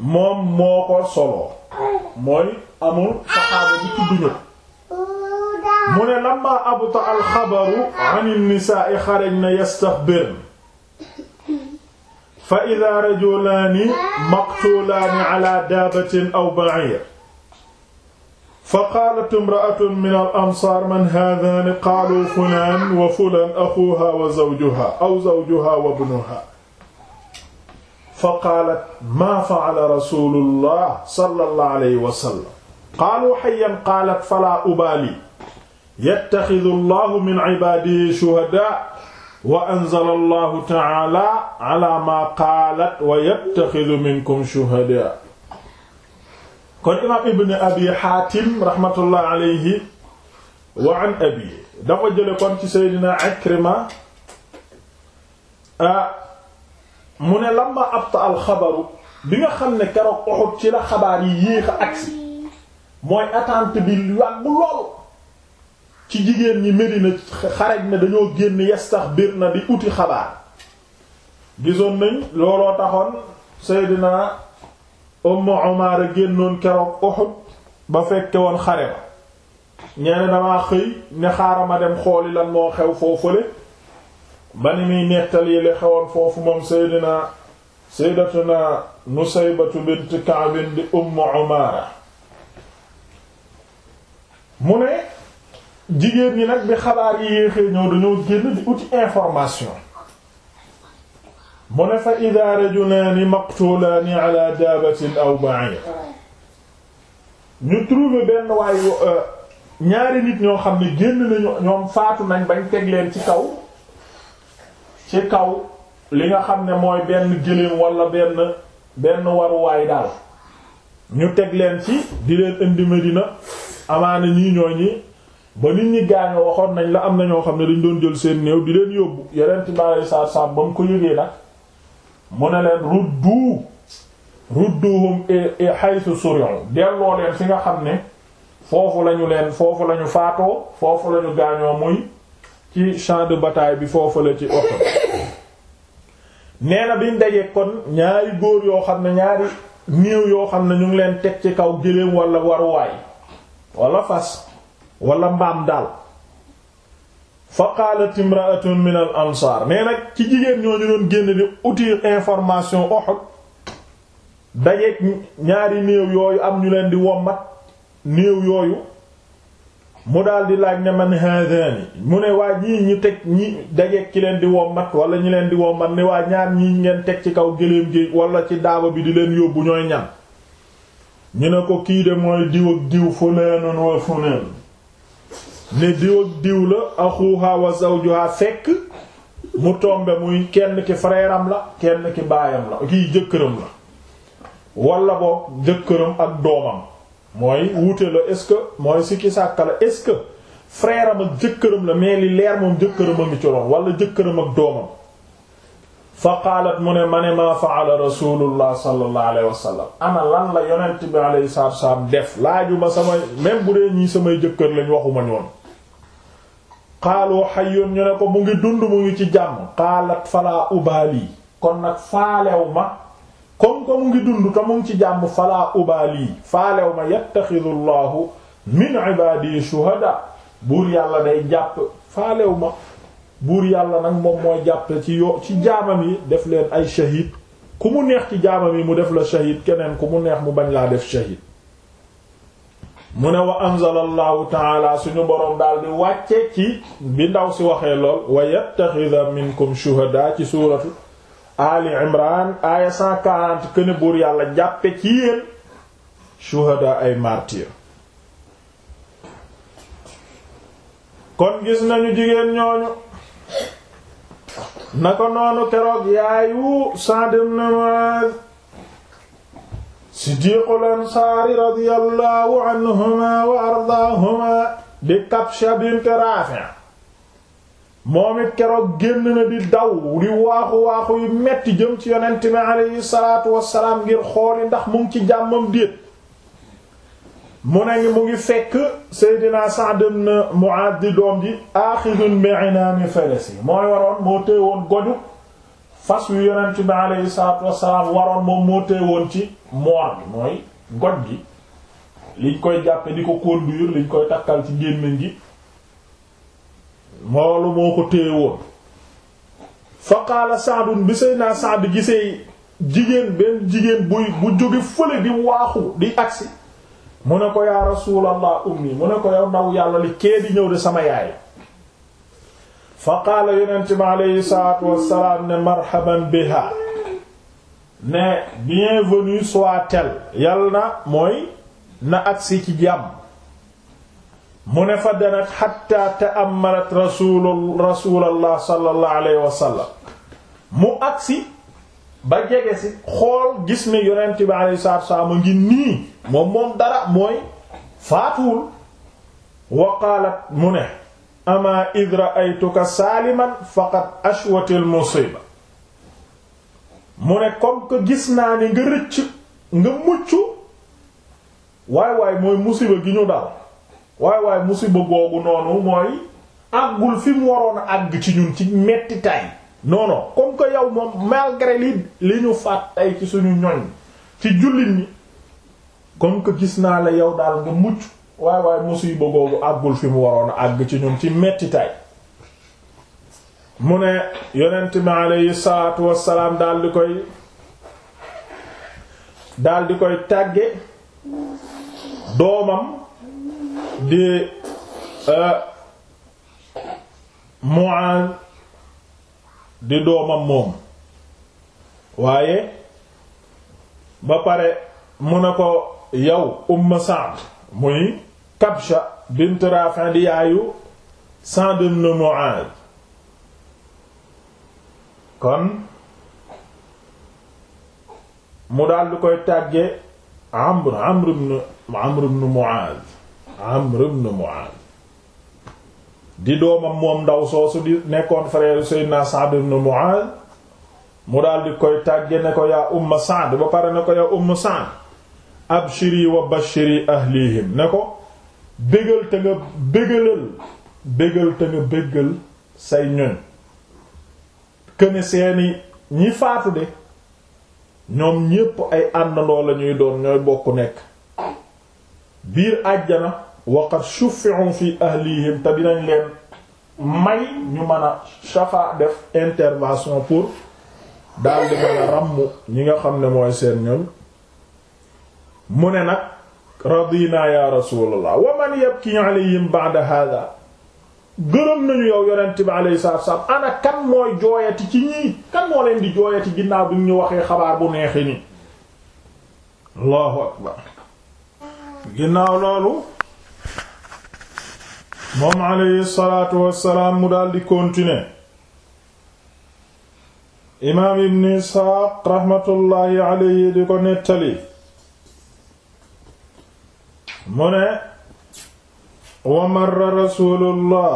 moom moo ko soloo mooy amul saxaaba bi tudd ñëpp mu ne lamma abuta alxabaru an nnisaai xarajna yastaxbirn fa ida rajulaani maqtulaani ala daabatin aw ba'ir fa qaalat imra'atun min al ansaar man haadaani qaalu fulaan wa fulaan axuha wa zawjuha aw zawjuha wa ibnuha fa qaalat maa faala rasulullah sallallahu alayhi wa sallam qaalu hayyan qaalat fala ubaali yattaxidu allahu min cibaadihi shuhadaa wa anzala allahu taala ala maa qaalat wa yattaxidu minkum shuhadaa kon imaam ibn abi xaatim rahmatullah alayhi wa an abi dafa jële kon ci seydina Ikrima ah mu ne lamma abta al xabaru bi nga xam ne keroog Uhud ci la xabaar yi yéex agsi mooy attente bi yàgg lool ci jigéen ñi Medina xaraj na dañoo génn yastaxbir na di uti xabaar gisoon nañ looloo taxoon Seydina Ummu Umaara génnoon keroog Uhud ba fekke woon xare ba ñeene damaa xëy ne xaaral dem xooli lan moo xew foofale ba ni muy nettali li xewoon foofu moom seydina sayyidatuna nusaybatu bint Ka'b di ummu Umaara mu ne jigéen yi nag bi xabaar yi yéexee ñëw dañoo génn di uti information mu ne fa idaa rajulaani maqtulaani ala daabatin aw ba'ir ñu trouvé benn waayu euh, ñaari nit ñoo xam ni génn nañu ñoom faatu nañ bañ teg leen ci kaw ci kaw li nga xam ne mooy benn gëléem walla benn benn waruwaay daal ñu teg leen ci di leen indi Medina amaana ñii ñoo ñi ba nit ñi gaañu waxoon nañ la am na ñoo xam ne dañ doon jël seen néew di leen yóbbu yeneen ci bari saar saam ba mu ko yëgee nag mu ne leen ruddu rudduhum haythu suri'u delloo leen fi nga xam ne foofu lañu leen foofu lañu faatoo foofu lañu gaañoo muy ci champ bataay bi foofu la ci oto nee na biñ kon ñaari góor yoo xam ne ñaari néew yoo xam ne ñu ngi leen teg ci kaw géléem walla waruwaay walla fas wala mbaam daal fa qaalat imra'atun min al ansaar ci jigéen ñooñu doon génn di outil information Uhud dajeeg ñaari néew yooyu am ñu leen di wombat néew yooyu mu daal di laaj ne ni haadani mu ne waa ñii ñi teg ñi dajeeg ki leen di wommat wala ñi leen di wommat ni waa ñaar ñii ngeen teg ci kaw gëléem gi wala ci daaba bi di leen yóbbu ñooy ñan ñu ne ko kii de mooy diw ak diw fulanun wa fulan ne diw ak diw la axuha wa zawjuha fekk mu tombe muy kenn ki frère la kenn ki baayam la kii jëkkëram la wala boog jëkkëram ak doomam mooy wuute la est-ce que mooy sikki sàkka la est-ce que frère am ak jëkkëram la mais li leer moom jëkkëram a ngi ci loon wala jëkkëram ak doomam fa qaalat mu ne ma ne maa faala rasulullah sallallahu alayhi laaju ma samay même bu dee ñii samay jëkkër lañ waxuma ñoon xaaloo xayoon ñu ne ko mu ngi dund mu ngi ci jàmm qaalat fala ubaali kon nag faalew ma comme que mu ngi dund te ci jàmm falaa ubaali faalew ma yattaxidu llahu min ibadihi shuhada buur yàlla day jàpp faalew ma buur yàlla nag moom mooy jàpp ci yo ci jaamam yi def leen ay shahid ku mu neex ci jaamam yi mu def la shahid keneen ku mu neex mu bañ laa def shahid mu ne wa anzala allahu taala suñu boroom daal di wàcce ci bi ndaw si waxee lool wa yattaxida minkum shuhada ci suuratu ali imran aaya 140 buur yàlla jàppe ci yéen ay martyr kon gis nañu jigéen ñooñu na ko noonu keroog yaayu Sa'd ibn Mu'adh Siddiqul Ansaari radiyallahu wa ardaahuma di Kabsha bint Rafi' moom it keroog génn na di daw di waaxu waaxu yu metti jëm ci yonent bi aleyhi salaatu wassalaam ngir xooli ndax mu ngi ci jàmmam déet mu ne mu ngi fekk Seydina Sa'd ibn Mu'adh di doom ji aaxidun bi inaami farasi mooy waroon moo tëye woon goju fas yu yonent bi aleyhi salaatu wassalaam waroon moom moo tëye woon ci moor gi mooy goj gi liñ koy jàppe di ko conduire liñ koy takkal ci gémmiñ gi moolu moo ko téye woon fa saadun bi say naa saad gisee jigéen benn jigéen buy bu jóge fële di waaxu di agsi mu ne ko yaa rasuulallah ummi mu ne ko yow ndaw yàlla li kee di ñëw de sama yaay fa qaala yonent bi aleyhi salaatu wassalaam ne marhaban biha ne bienvenue soit-elle yàlla na mooy na agsi ci jàmm mu ne fa danat xatta ta'ammalat rasul rasulallah sallallahu mu agsi ba jege xool gis ne yonent bi alayhi salaatu a ngi nii moom moom dara mooy faatuwul wa qaalat mu ne ama id ra'aytuka saaliman faqad ashwatil musiba mu ne comme que gis naa ni nga rëcc nga mucc waay waay mooy musiba gi ñu dal waay waay musiba googu noonu mooy àggul fi mu waroon a àgg ci ñun ci metti tay non non comme moom malgré li ñu faat ci suñu ñoñ ci jullit ñi comme que gis naa la yow daal nga mucc waay waay musiba googu àggul fi waroon a àgg ci ñun ci metti tay mu ne yonent mi aleyhi salaatu wassalaam daal di koy daal di koy tàgge doomam di e, Mu'aaz di doomam moom waaye ba pare mu ne ko yow Umm Sa'd muy Kabsha bint Rafi di yaayu Sa'd ibn Mu'aaz kon mu daal di koy tàgge Amr Amr ibn di doomam moom ndaw soosu di nekkoon frère Seydina Sa'd ibn Mu'adh mu daal koy tàgge ne ko yaa Umm Sa'd ba pare ne ko yaa Umm Sa'd abshiri wa bashiri ahlihim ne ko bégal te nga bégalal bégal te nga bégal say ñoñ këne seeni ñi faatu de ñoom ñépp ay àndandoo la doon ñooy bokk nekk biir àjjana waqad shuffi'u fi ahlihim te dinañ leen may ñu mën a shafa def intervention pour daldi mën a ràmm ñi nga xam ne mooy seen ñoom mu ne nag radina ya rasulallah wa man yabki alayhim ba'da hada gërëm nañu yow yonent bi alayhi salaam ana kan mooy jooyati ci ñii kan moo leen di jooyati ginnaaw bi ñu waxee xabaar bu neexi nii allahu akbar ginnaaw loolu moom alayhi salaatu wassalaam mu daal di continuer imaam ibn isxaaq raxmatullaahi alayhi di ko nettali mu ne wa marra rasuulullah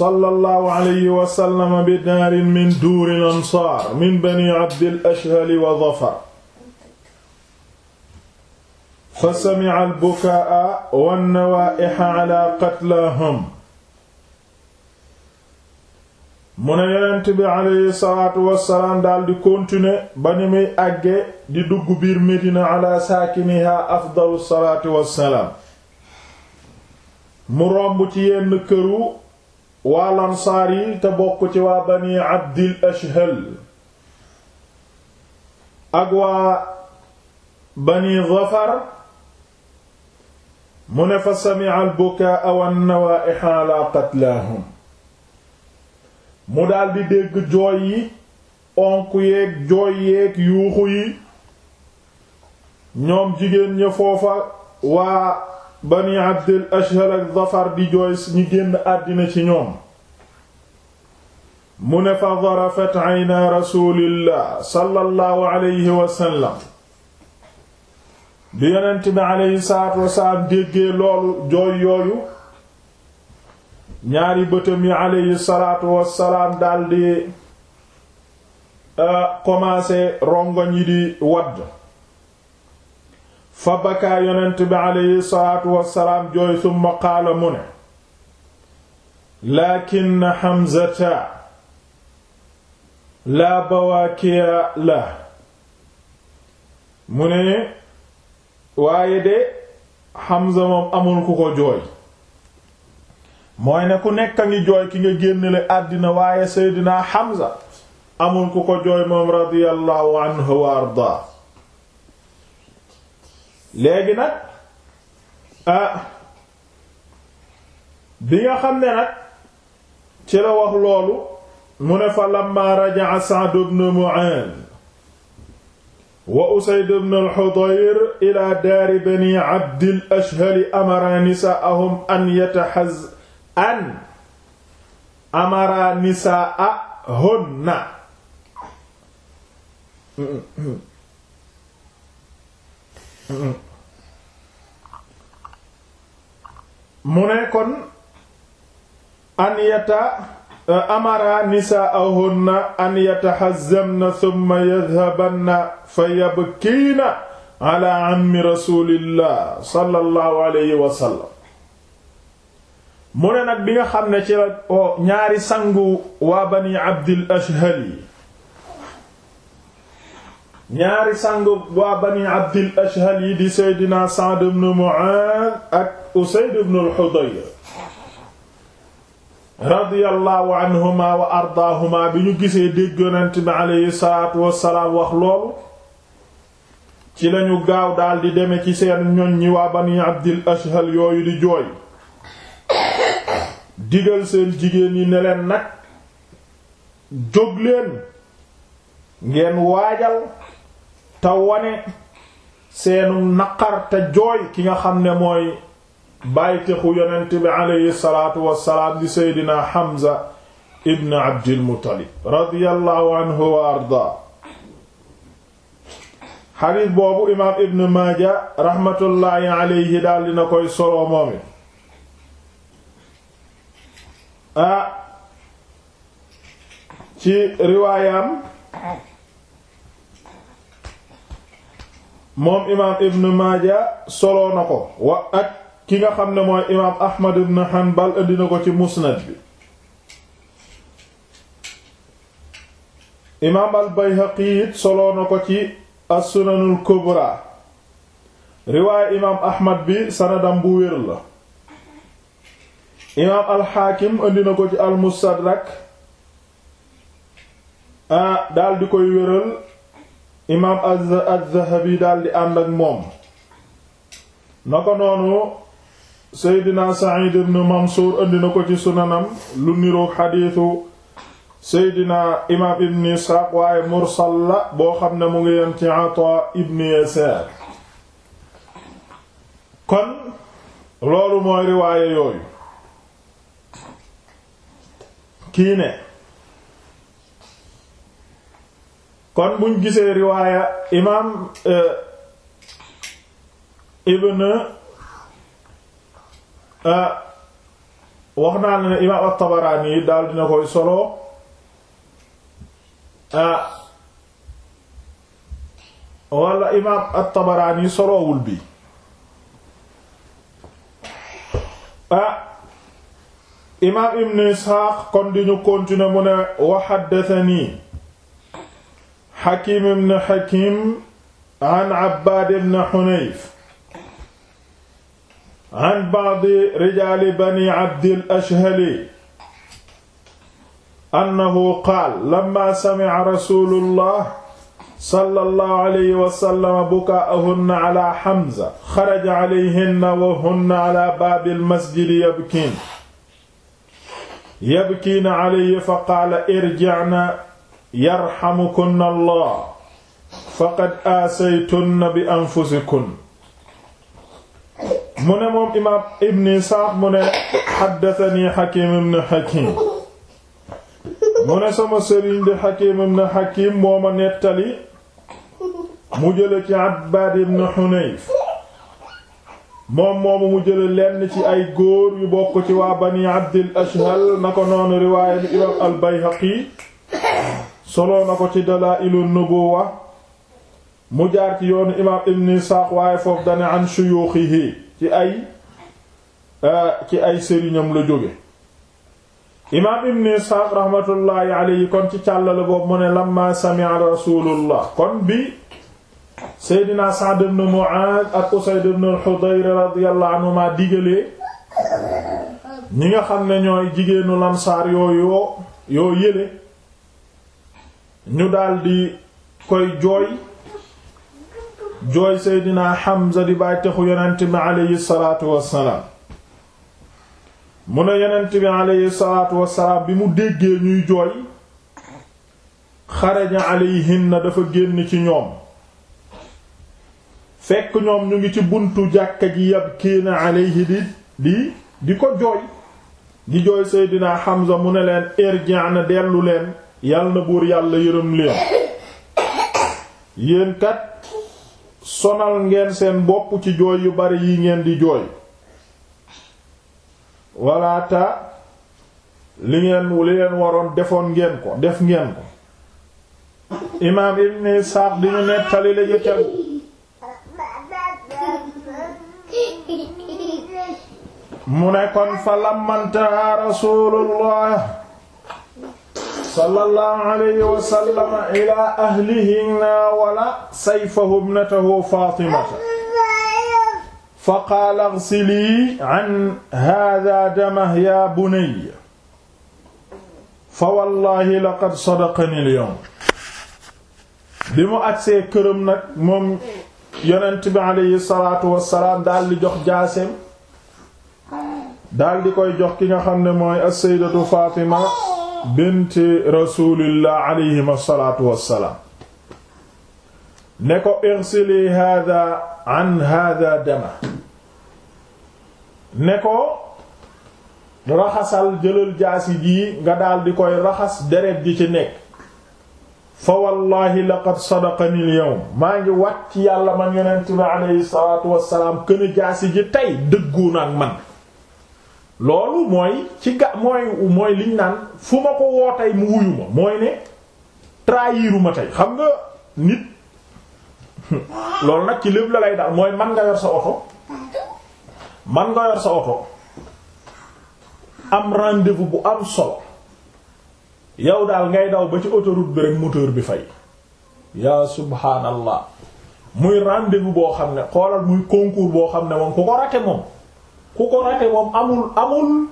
sallallaahu alayhi wasallam bi daarin min duuril ansaar min bani abdil ashhal wa zafar fa sami'a al-bukaa wan-nawaa'iha ala qatlaahum mu ne yonent bi aleyhi salaatu wassalaam daldi continuer ba ni muy àgge di dugg biir Medina ala saakiniha afdalu salaatu wassalaam mu romb ci yenn këru waa lansaar te bokk ci waa bani abdil ashhal ak waa bani zafar mu ne fa sami'a al-bukaa wa an-nawaa'iha ala qatlaahum mu daldi dégg jooy yi onk yeeg jooy yeeg yuuxu yi ñoom jigéen ña foofa waa bani abdil ashhal ak zafar di jooy ñi génn àddina ci ñoom mu ne fa darafat ayna rasulillah sallallahu alayhi wa bi yonent bi aleyhi salaatu wasalaam déggee loolu jooy yooyu ñaari bëtam yi aleyhi salaatu wasalaam daldi euh, commencé rongoñ yi di wadd fa bakaa yonent bi aleyhi salaatu wasalaam jooy summa qaala mu ne lakin Hamzata laa bawaakiya la mu ne waaye de Hamza moom amul ku ko jooy mooy ne ku nekk a ngi jooy ki nga génnele àddina waaye Seydina Hamza amul ku ko jooy moom radiyallahu anhu wa ardaa léegi nag ah bi nga xam ne nag ci la wax loolu mu ne fa lamma raja'a Sa'd ibn Mu'adh wa usayd ibn al-hudayr ila daari bani abdil ashhali amara nisaahum an yatahaz an amara nisaahunna mu ne kon an yata Uh, amara nisaa'ahunna an yatahazzamna thumma yadhhabanna fayabkiina ala ammi rasulillah sallallahu alayhi wa sallam mu ci la ñaari sangu waa bani abdil ashhal yi di seydina sa'd ibn mu'adh ak usayd ibn al radiyallahu anhuma wa ardaahuma bi ñu gisee dégg yonent bi aleyhi salaatu wassalaam wax loolu ci lañu gaaw daldi deme ci seen ñoñ ñi waa bani abdil ashhal yooyu di jooy digal seen jigéen yi ne leen nag jóg ngeen waajal te wone seenu naqar te jooy ki nga xam ne mooy bàytexu yonent bi aleyhi salaatu wassalaam seydina Hamza ibn Abdil Muttalib radiyallahu anhu wa ardaa xadiis boobu imaam ibn Maaja raxmatullaahi aleyhi daal dina koy solo moomi ci riwaayam moom imaam ibn Maaja solo na ko wa ki nga xam ne mooy imaam Ahmad ibn Hanbal indi na ko ci musnad bi imaam al-Bayhaqi na ko ci as-Sunanul Kubra riwaaya imaam Ahmad bi sanadam bu wér la imaam al indi na ko ci al daldi a daal di koy wéral imaam az-Zahabi daal di ànd ak moom na ko noonu seydina Sa'id ibn Mansuur indi na ko ci sunanam lu niroog xadiisu seydina imaam ibn Isxaaq la boo xam ne mu ngi yem ci kon loolu mooy riwaaye yooyu kii ne kon buñ gisee riwaaya imaam eh, ibn Ah, wax naa ne imaam at-Tabaraani yi daal dina koy solo ah, wala imaam at-Tabaraani yi solowul bi ah imaam Ibn Isxaaq kon di ñu continuer mu ne wa haddathanii Hakiim ibn Hakiim an Abbaad ibn Hunayf an ba'di rijaali bani abdil ashhali annahu qaal lamma sami'a rasulullah sallallahu alayhi wa sallam bukaa'ahunna ala Hamza xaraja alayhinna wa hunna ala baabil masjidi yabkiin yabkiina alayhi fa qaala irji'na yarhamukunna Allah faqad aasaytunna bi anfusikunna mu ne moom imaam ibn Isxaaq mu ne xaddatani Hakim ibn Hakim mu ne sama sëriñ di Hakim ibn Hakim mu jële ci Abbaad moom moomu mu jële lenn ci ay góor yu bokk ci waa Bani Abdil Ashhal na ko noonu riwaaya imaam al-Bayhaqi solo na ko ci Dalaa'ilu Nubuwwa mu jaar ci yoonu imaam ibn Isxaaq waaye foofu dane an shuyuuxihi ci ay euh, ci ay sëriñam la jóge imaam ibn isxaaq raxmatullaahi alayhi kon ci càllale boobu mu ne lamma sami'a rasulullah kon bi seydina Sa'd ibn Mu'aaz ak Usayd ibn al-Hudayr radiyallahu anhuma digalee ñi nga xam ne ñooy jigéenu lamsaar yoo yoo yoo ñu daldi koy jooy jooy seydinaa Hamza di bàyyi taxu yonent bi aleyhi salaatu wassalaam mu ne yonent bi aleyhi salaatu wassalaam bi mu déggee ñuy jooy xaraja na dafa génn ci ñoom fekk ñoom ñu ngi ci buntu jàkka ji yabkiina aleyhi di di di ko jooy di jooy seydinaa Hamza mu ne leen irjaana dellu leen yal na buur yàlla yërëm leen yéen kat sonal ngeen seen bopp ci jooy yu bari yi ngeen di jooy walaata li ngeen li leen waroon defoon ngeen ko def ngeen ko imaam ibn Isaaq di ñu nettali la jëkkël mu ne kon fa lammantaha rasuulullah sallallahu alayhi wa sallam ila ahlihi naawala sayfahu ibnatahu Faatimata fa qaala ighsilii an haadhaa damahu yaa bunayya fa wallaahi laqad sadaqani al-yawm bi mu agsee këram nag moom yonent bi alayhi salaatu wassalaam daal di jox jaaseem daal di koy jox ki nga xam ne mooy as-sayyidatu Faatima binti ne ko irsili hada an hada dama ne ko raxasal jëlal jaasi jii nga daldi di koy raxas deret ji ci nekk fa wallahi laqad sadaqani al-yawm maa ngi wàcc yàlla ma yonent bi alayhi salaatu wassalaam kën a jaasi ji tey dëggu man loolu mooy ci ga mooy liñ naan fu ma ko woo tey mu wuyu ma mooy ne trahiru ma tey xam nga nit loolu nag ci lépp la lay daal mooy man nga yor sa oto man nga yor sa oto am rendez bu am solo yow daal ngay daw ba ci autoroute bi rek moteur bi fay yaa subhaanallah muy rendez-vous boo xam ne xoolal muy concours boo xam ne moom ku ko raté moom ku ko rate moom amul amul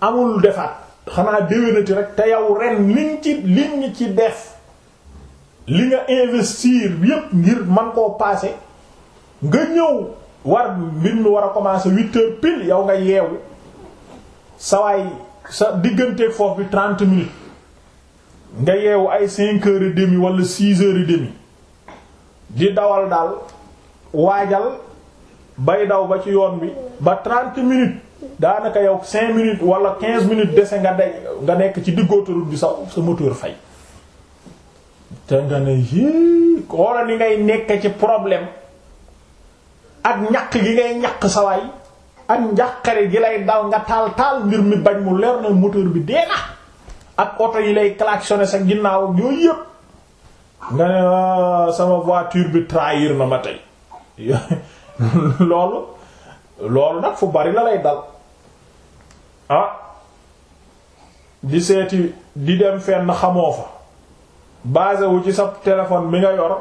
amul defaat xanaa déwénati rek te yow ren liñ ci liñ ci def li nga investir yépp ngir man koo paase nga ñëw war mbir mi war a commencer huit heures pile yow nga yeewu sawaay sa digganteeg foofu bi trente minutes nga yeewu ay cinq heures et demi wala six heures demi di dawal daal waajal bay daw ba ci yoon bi ba 30 minutes daanaka yow 5 minutes wala quinze minutes dese nga de nga nekk ci diggootarut bi sa sa moteur fay te nga ne yii wala ni ngay nekk ci problème ak ñaq gi ngay ñaq sawaay ak njàqare gi lay dal nga taal taal mbir mi bañ mu leer na moteur bi dee na ak oto yi lay klaxonné sa ginnaaw yooyu yëpp nga ne ah, sama voiture bi trahir na ma tey loolu loolu nag fu bari la lay dal ah di seeti di dem fenn xamoo fa basé wu ci sa téléphone bi nga yor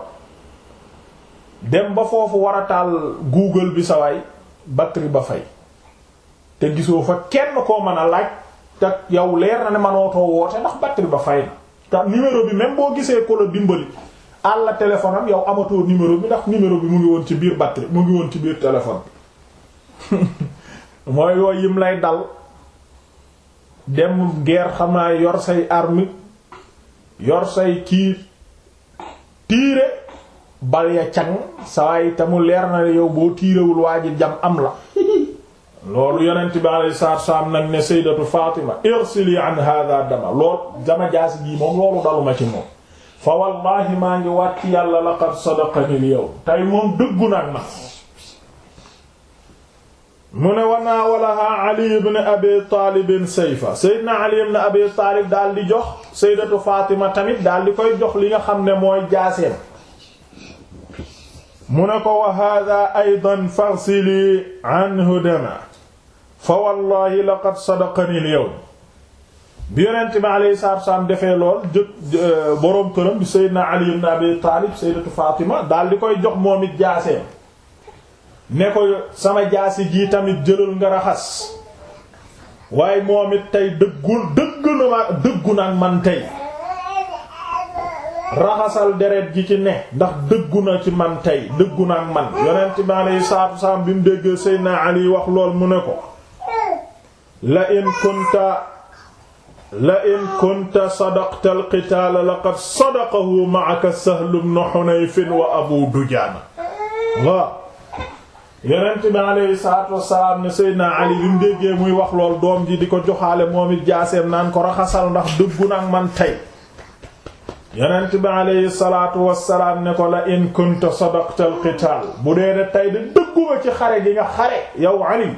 dem ba foofu war a taal Google bi sa waay ba fay te gisoo fa kenn koo mën a laaj te yow leer na ne mënootoo woote ndax batterie ba fay na. te numéro bi même boo gisee ko la dimbali. àll téléphone yow amatoo numéro bi ndax numéro bi mu ngi woon ci biir batterie mu ngi woon ci biir téléphone mooy yooyu yim lay dal dem guerre xam yor say arme yor say kii tiire bal ya sawaay te leer na yow boo tiirewul waa ji jam am la loolu yonent bi alayhi salaatu salaam nag ne sayyidatu Fatima irsili an hadha dama lool dama jaasi ji moom loolu daluma ci moom fa wallahi maa ngi waat laqad sadaqani al yawm tey moom dëggu na mu wa naawalaha Ali ibn Abi Taalib sayfa Seydina Ali ibn Abi Taalib daal di jox Sayyidatu Faatima tamit daal di koy jox li nga xam ne mooy jaaseem mu ne ko wa haaza aydan farsili anhu dama fa wallahi laqad sadaqani al yawm bi yonent bi alayhi salaatu wasalaam defee lool jëkk boroom këram di Seydina Ali ibn Abi Taalib Sayyidatu Faatima daal di koy jox moom it jaaseem ne ko sama jaasi gii tamit jëlal nga raxas waaye moom it tey dëggul dëgg na ma dëggu nag man tey raxasal deret gi ci ne ndax dëggu na ci man tey dëggu na nag man yonent bi yi salaatu wasalaam bi mu déggee Seydina Ali wax lool mu ne ko la in kunta la in kunta sadaqta alqitaala laqad sadaqahu ma'aka Sahlu bnu Hunayfin wa Abu Dujaana waaw yonent bi aleyhi salaatu Ali bi mu muy wax lool doom ji di ko joxaale moom it jaaseem naan ko raxasal ndax dëggu nag man tey yonent bi aleyhi in kunta sadaqta alqitaal bu dee ne tey di dëggu nga ci xare gi nga xare yow Ali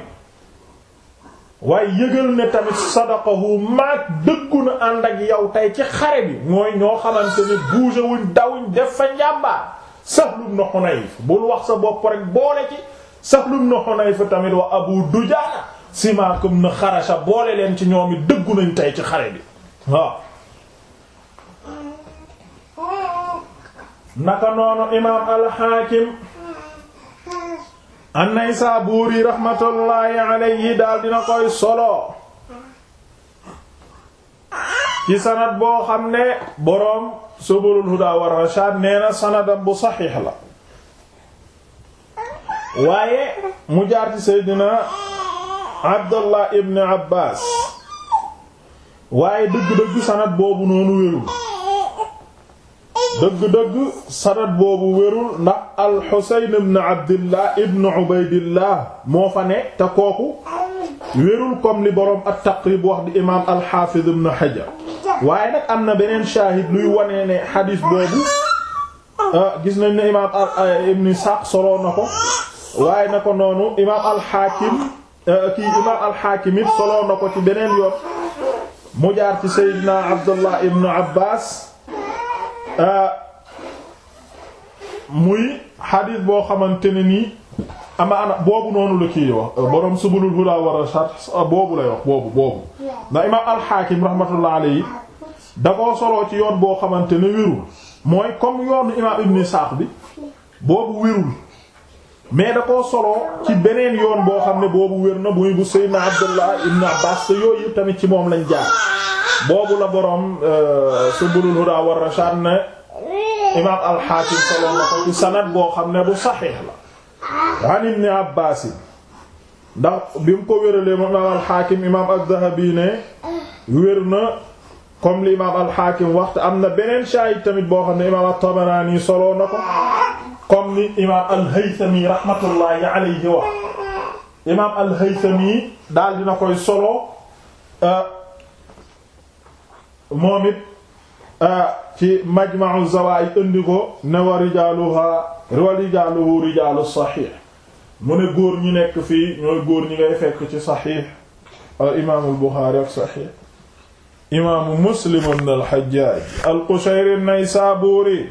waaye yëgal ne tamit sadaqahu maak dëggu na ànd ak yow tey ci xare bi mooy ñoo xamante ne bougé wuñ dawuñ def fa njàmbaar Sahl ibn Hunayf bul wax sa bopp rek boole ci Sahl ibn Hunayf tamit wa Abu Dujaana Simaak ibn Xarasha boole leen ci ñoom it dëggu nañ tey ci xare bi waaw naka noonu imaam al an-Naysaburi rahmatullahi alayhi daal dina koy solo ci sanad boo xam ne boroom subulul huda war rashad nee na sanadam bu saxiix la waaye mu jaar ci seydina Abdullah ibn Abbas waaye dëgg-dëgg sanad boobu noonu wérul dëgg-dëgg sanad boobu wérul ndax al-Husayn ibn ibn Ubaydillah moo fa ne te kooku wérul comme li boroom at-Taqrib wax di imaam al-Hafiz ibn waaye nag am na beneen shaahid luy wanee ne xadiis boobu ah, gis nañ ne imaam ah, ibn Isaaq soloo na ko waaye na ko noonu imaam al ah, kii imaam al it soloo na ko ci beneen yoon mu jaar ci Seydina Abdullah ibn Abbas Euh, muy xadiis boo xamante ni nii ama ana boobu noonu la kii wax borom subulul huda wa rashad boobu lay wax boobu boobu ndax imaam alxaakim rahmatullah alayhi da koo soloo ci yoon boo xamante ni wérul mooy comme yoonu imaam ibn Isaaq bi boobu wérul mais da koo soloo ci beneen yoon boo xam ne boobu wér na muy bu Seydina Abdullah ibn Abbas te yooyu tamit ci moom lañ jaar boobu la borom euh, subulul huda war rashad ne imaam al sanad boo xam ne bu saxiix la an ibn Abbaas ndax bi mu ko wéralee moom imaam al-Hakim imaam az li imaam am na beneen shaahid tamit boo xam ne imaam at solo na ko comme ni imaam al rahmatullahi alayhi wa imaam al-Haythami daal dina koy solo. Euh, moom it euh, ci majma'u zawaa'id indi ko ne wa rijaaluha wa rijaaluhu rijaalu saxiix mu ne góor ñi nekk fii ñooy góor ñi ngay fekk ci saxiix al imaamul buxaari ak saxiix imaamu muslim ibn al xajjaaj al qushayri naysaabuuri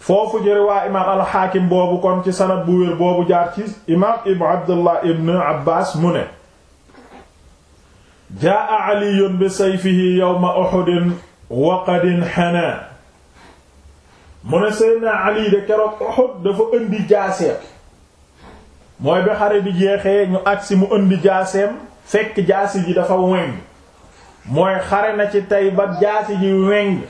foofu jëre waa imaam al xaakim boobu kon ci sanad bu wér boobu jaar ci imaam ibn abdullah ibn abbaas mu ne jaa caliyun bi sayfihi yowma oxodin waqadin xanaa mu ne seydna ali de keroog oxod dafa indi jaaseem mooy ba xare bi jeexee ñu agsi mu indi jaaseem fekk jaasi ji dafa weng mooy xare na ci tey ba jaasi ji weng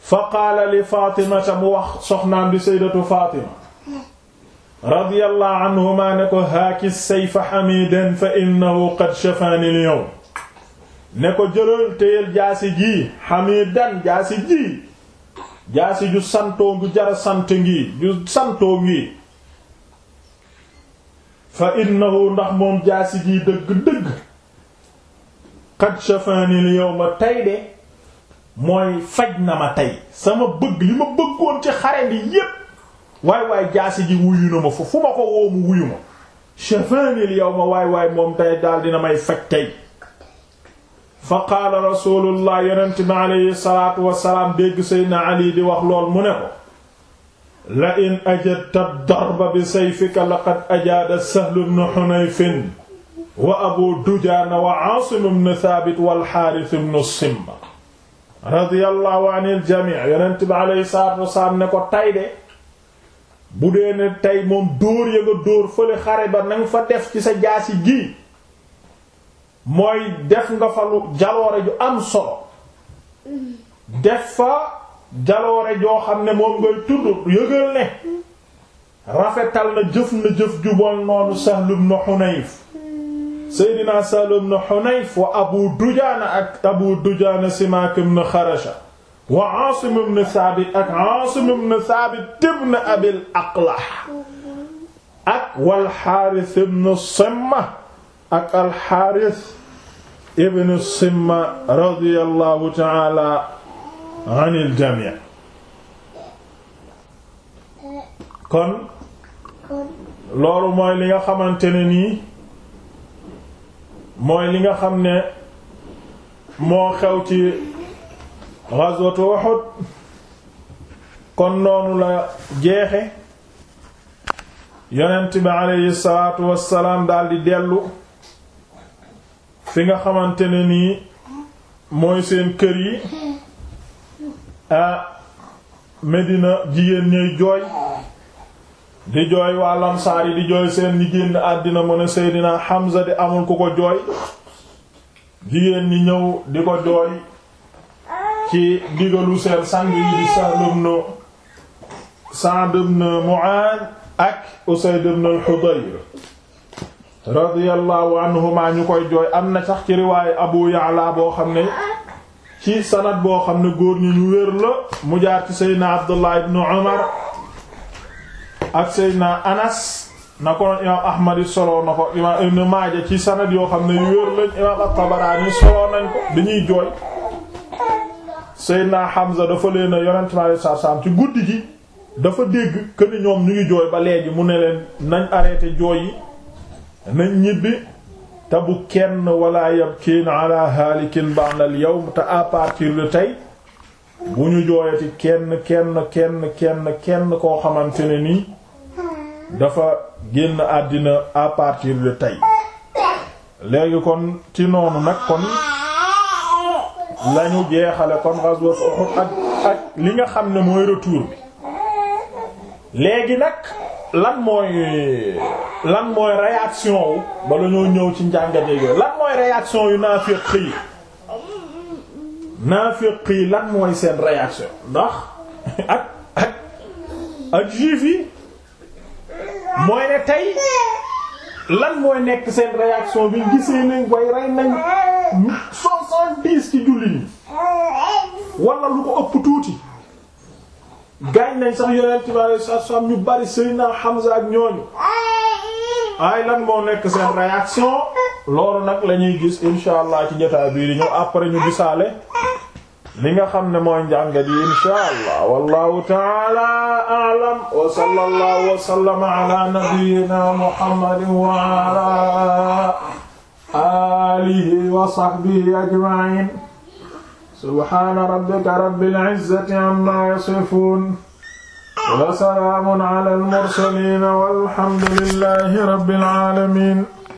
fa qaala li faatimata mu wax soxnaam bi saydatu faatima radiyallahu anhuma ne ko haaki sayfa hamidan fa innahu qad shafaani ko jëlal téyel jaasi ji hamidan jaasi ji jaasi ju santoo ngi jara sant ngi ju santoo ngi fa innahu ndax moom jaasi ji dëgg-dëgg qad shafaani al-yawma tey de mooy faj na ma tey sama bëgg li ma bëggoon ci xare bi yépp waay waay jaasi ji wuyu na ma fu fu ma ko woo wuyu ma shafaanil yawma waay waay moom tey daal dina may faj tey fa qaala rasulullah yonent bi aleyhi salaatu wasalaam dégg seydna ali di wax lool mu ne ko la in ajadta darba bi laqad ajaada sahlu bnu hunayfin wa abu dujaana wa aasim bnu thaabit wal xaaris bnu simma radiyallahu anil jamii yonent bi aleyhi salaatu wasalaam ne ko tay de bu dee ne tey moom dóor ya nga dóor fële xare ba nanga fa def ci sa jaasi gi mooy def nga fa jaloore ju am solo def fa jaloore joo xam ne moom ngay tudd yëgal ne rafetal na jëf na jëf ju bon noonu Sahl ibn Hunayf Seydina Sahl ibn Hunayf wa Abu Dujaana ak Abu Dujaana Simaak ibn Xarasha wa Asim ibn Thabit ak Asim ibn Thabit ibn Abil Aqlah ak wal ibn Simma ak al Harith ibn Simma radiyallahu ta'ala anil jami' kon loolu mooy li nga xamante nii mooy li nga xam ne moo xew ci ghazwatu Uhud kon noonu la jeexe yonent bi aleyhi salaatu wassalaam daldi dellu fi nga xamante ne nii mooy seen kër yi a Medina jigéen ñuy jooy di jooy waa lamsaar yi di jooy seen ñi génn àddina mën a Seydina Hamza di amul ku ko jooy jigéen ñi ñëw di ko jooy ci digalu seen sang yi di Sahl ibn Sa'd ibn Mu'adh ak Usayd ibn al radiyallahu anhuma ñu koy jooy am na sax ci riwaayu Abu Ya'la boo xam ne ci sanad boo xam ne góor ñi ñu wér la mu jaar ci Seydina Abdullah Umar ak Seydina Anas na ko imaam Ahmad solo na ko imaam Ibn Maaja ci sanad yoo xam ne yu wér lañ imaam at-Tabarani solo nañ ko dañuy jooy Seydina Hamza dafa leen a yonent mi alayhi salaatu salaam ci guddi gi dafa dégg que ni ñoom ñu jooy ba léegi mu ne leen nañ arrêté jooy yi nañ ñibbi te bu kenn wala yabkiin ala haalikin ba'da al-yawm te à partir de tey bu ñu jooyati kenn kenn kenn kenn kenn koo xamante ne nii dafa génn àddina à partir de tey léegi kon ci noonu nag kon. lañu jeexale kon ghazwat ak li nga xam ne mooy retour bi léegi nag lan mooy lan mooy réaction wu ba la ñoo ñëw ci njàngat yooyu lan mooy réaction yu naafiq yi naafiq yi lan mooy seen réaction ndax ak ak ak juif yi mooy ne tey lan mooy nekk seen réaction bi gisee nañ way rey nañ soixante-dix ci julli ñi wala lu ko ëpp tuuti gaañ nañ sax yonent bi alayhi salaatu ñu bari Seydina Hamza ak ñooñu ay lan moo nekk seen réaction loolu nag la ñuy gis insha ci jotaay bii di ñëw après ñu gisaale li nga xam ne mooy njàngat yi insha allah wallahu taala a'lam wa sallallahu wa sallama ala nabiyyina muhammadin wa ala alihi wa sahbihi ajma'in subhana rabbika rabbil izzati amma yasifun wa salamun ala al mursalin walhamdulillahi rabbil alamin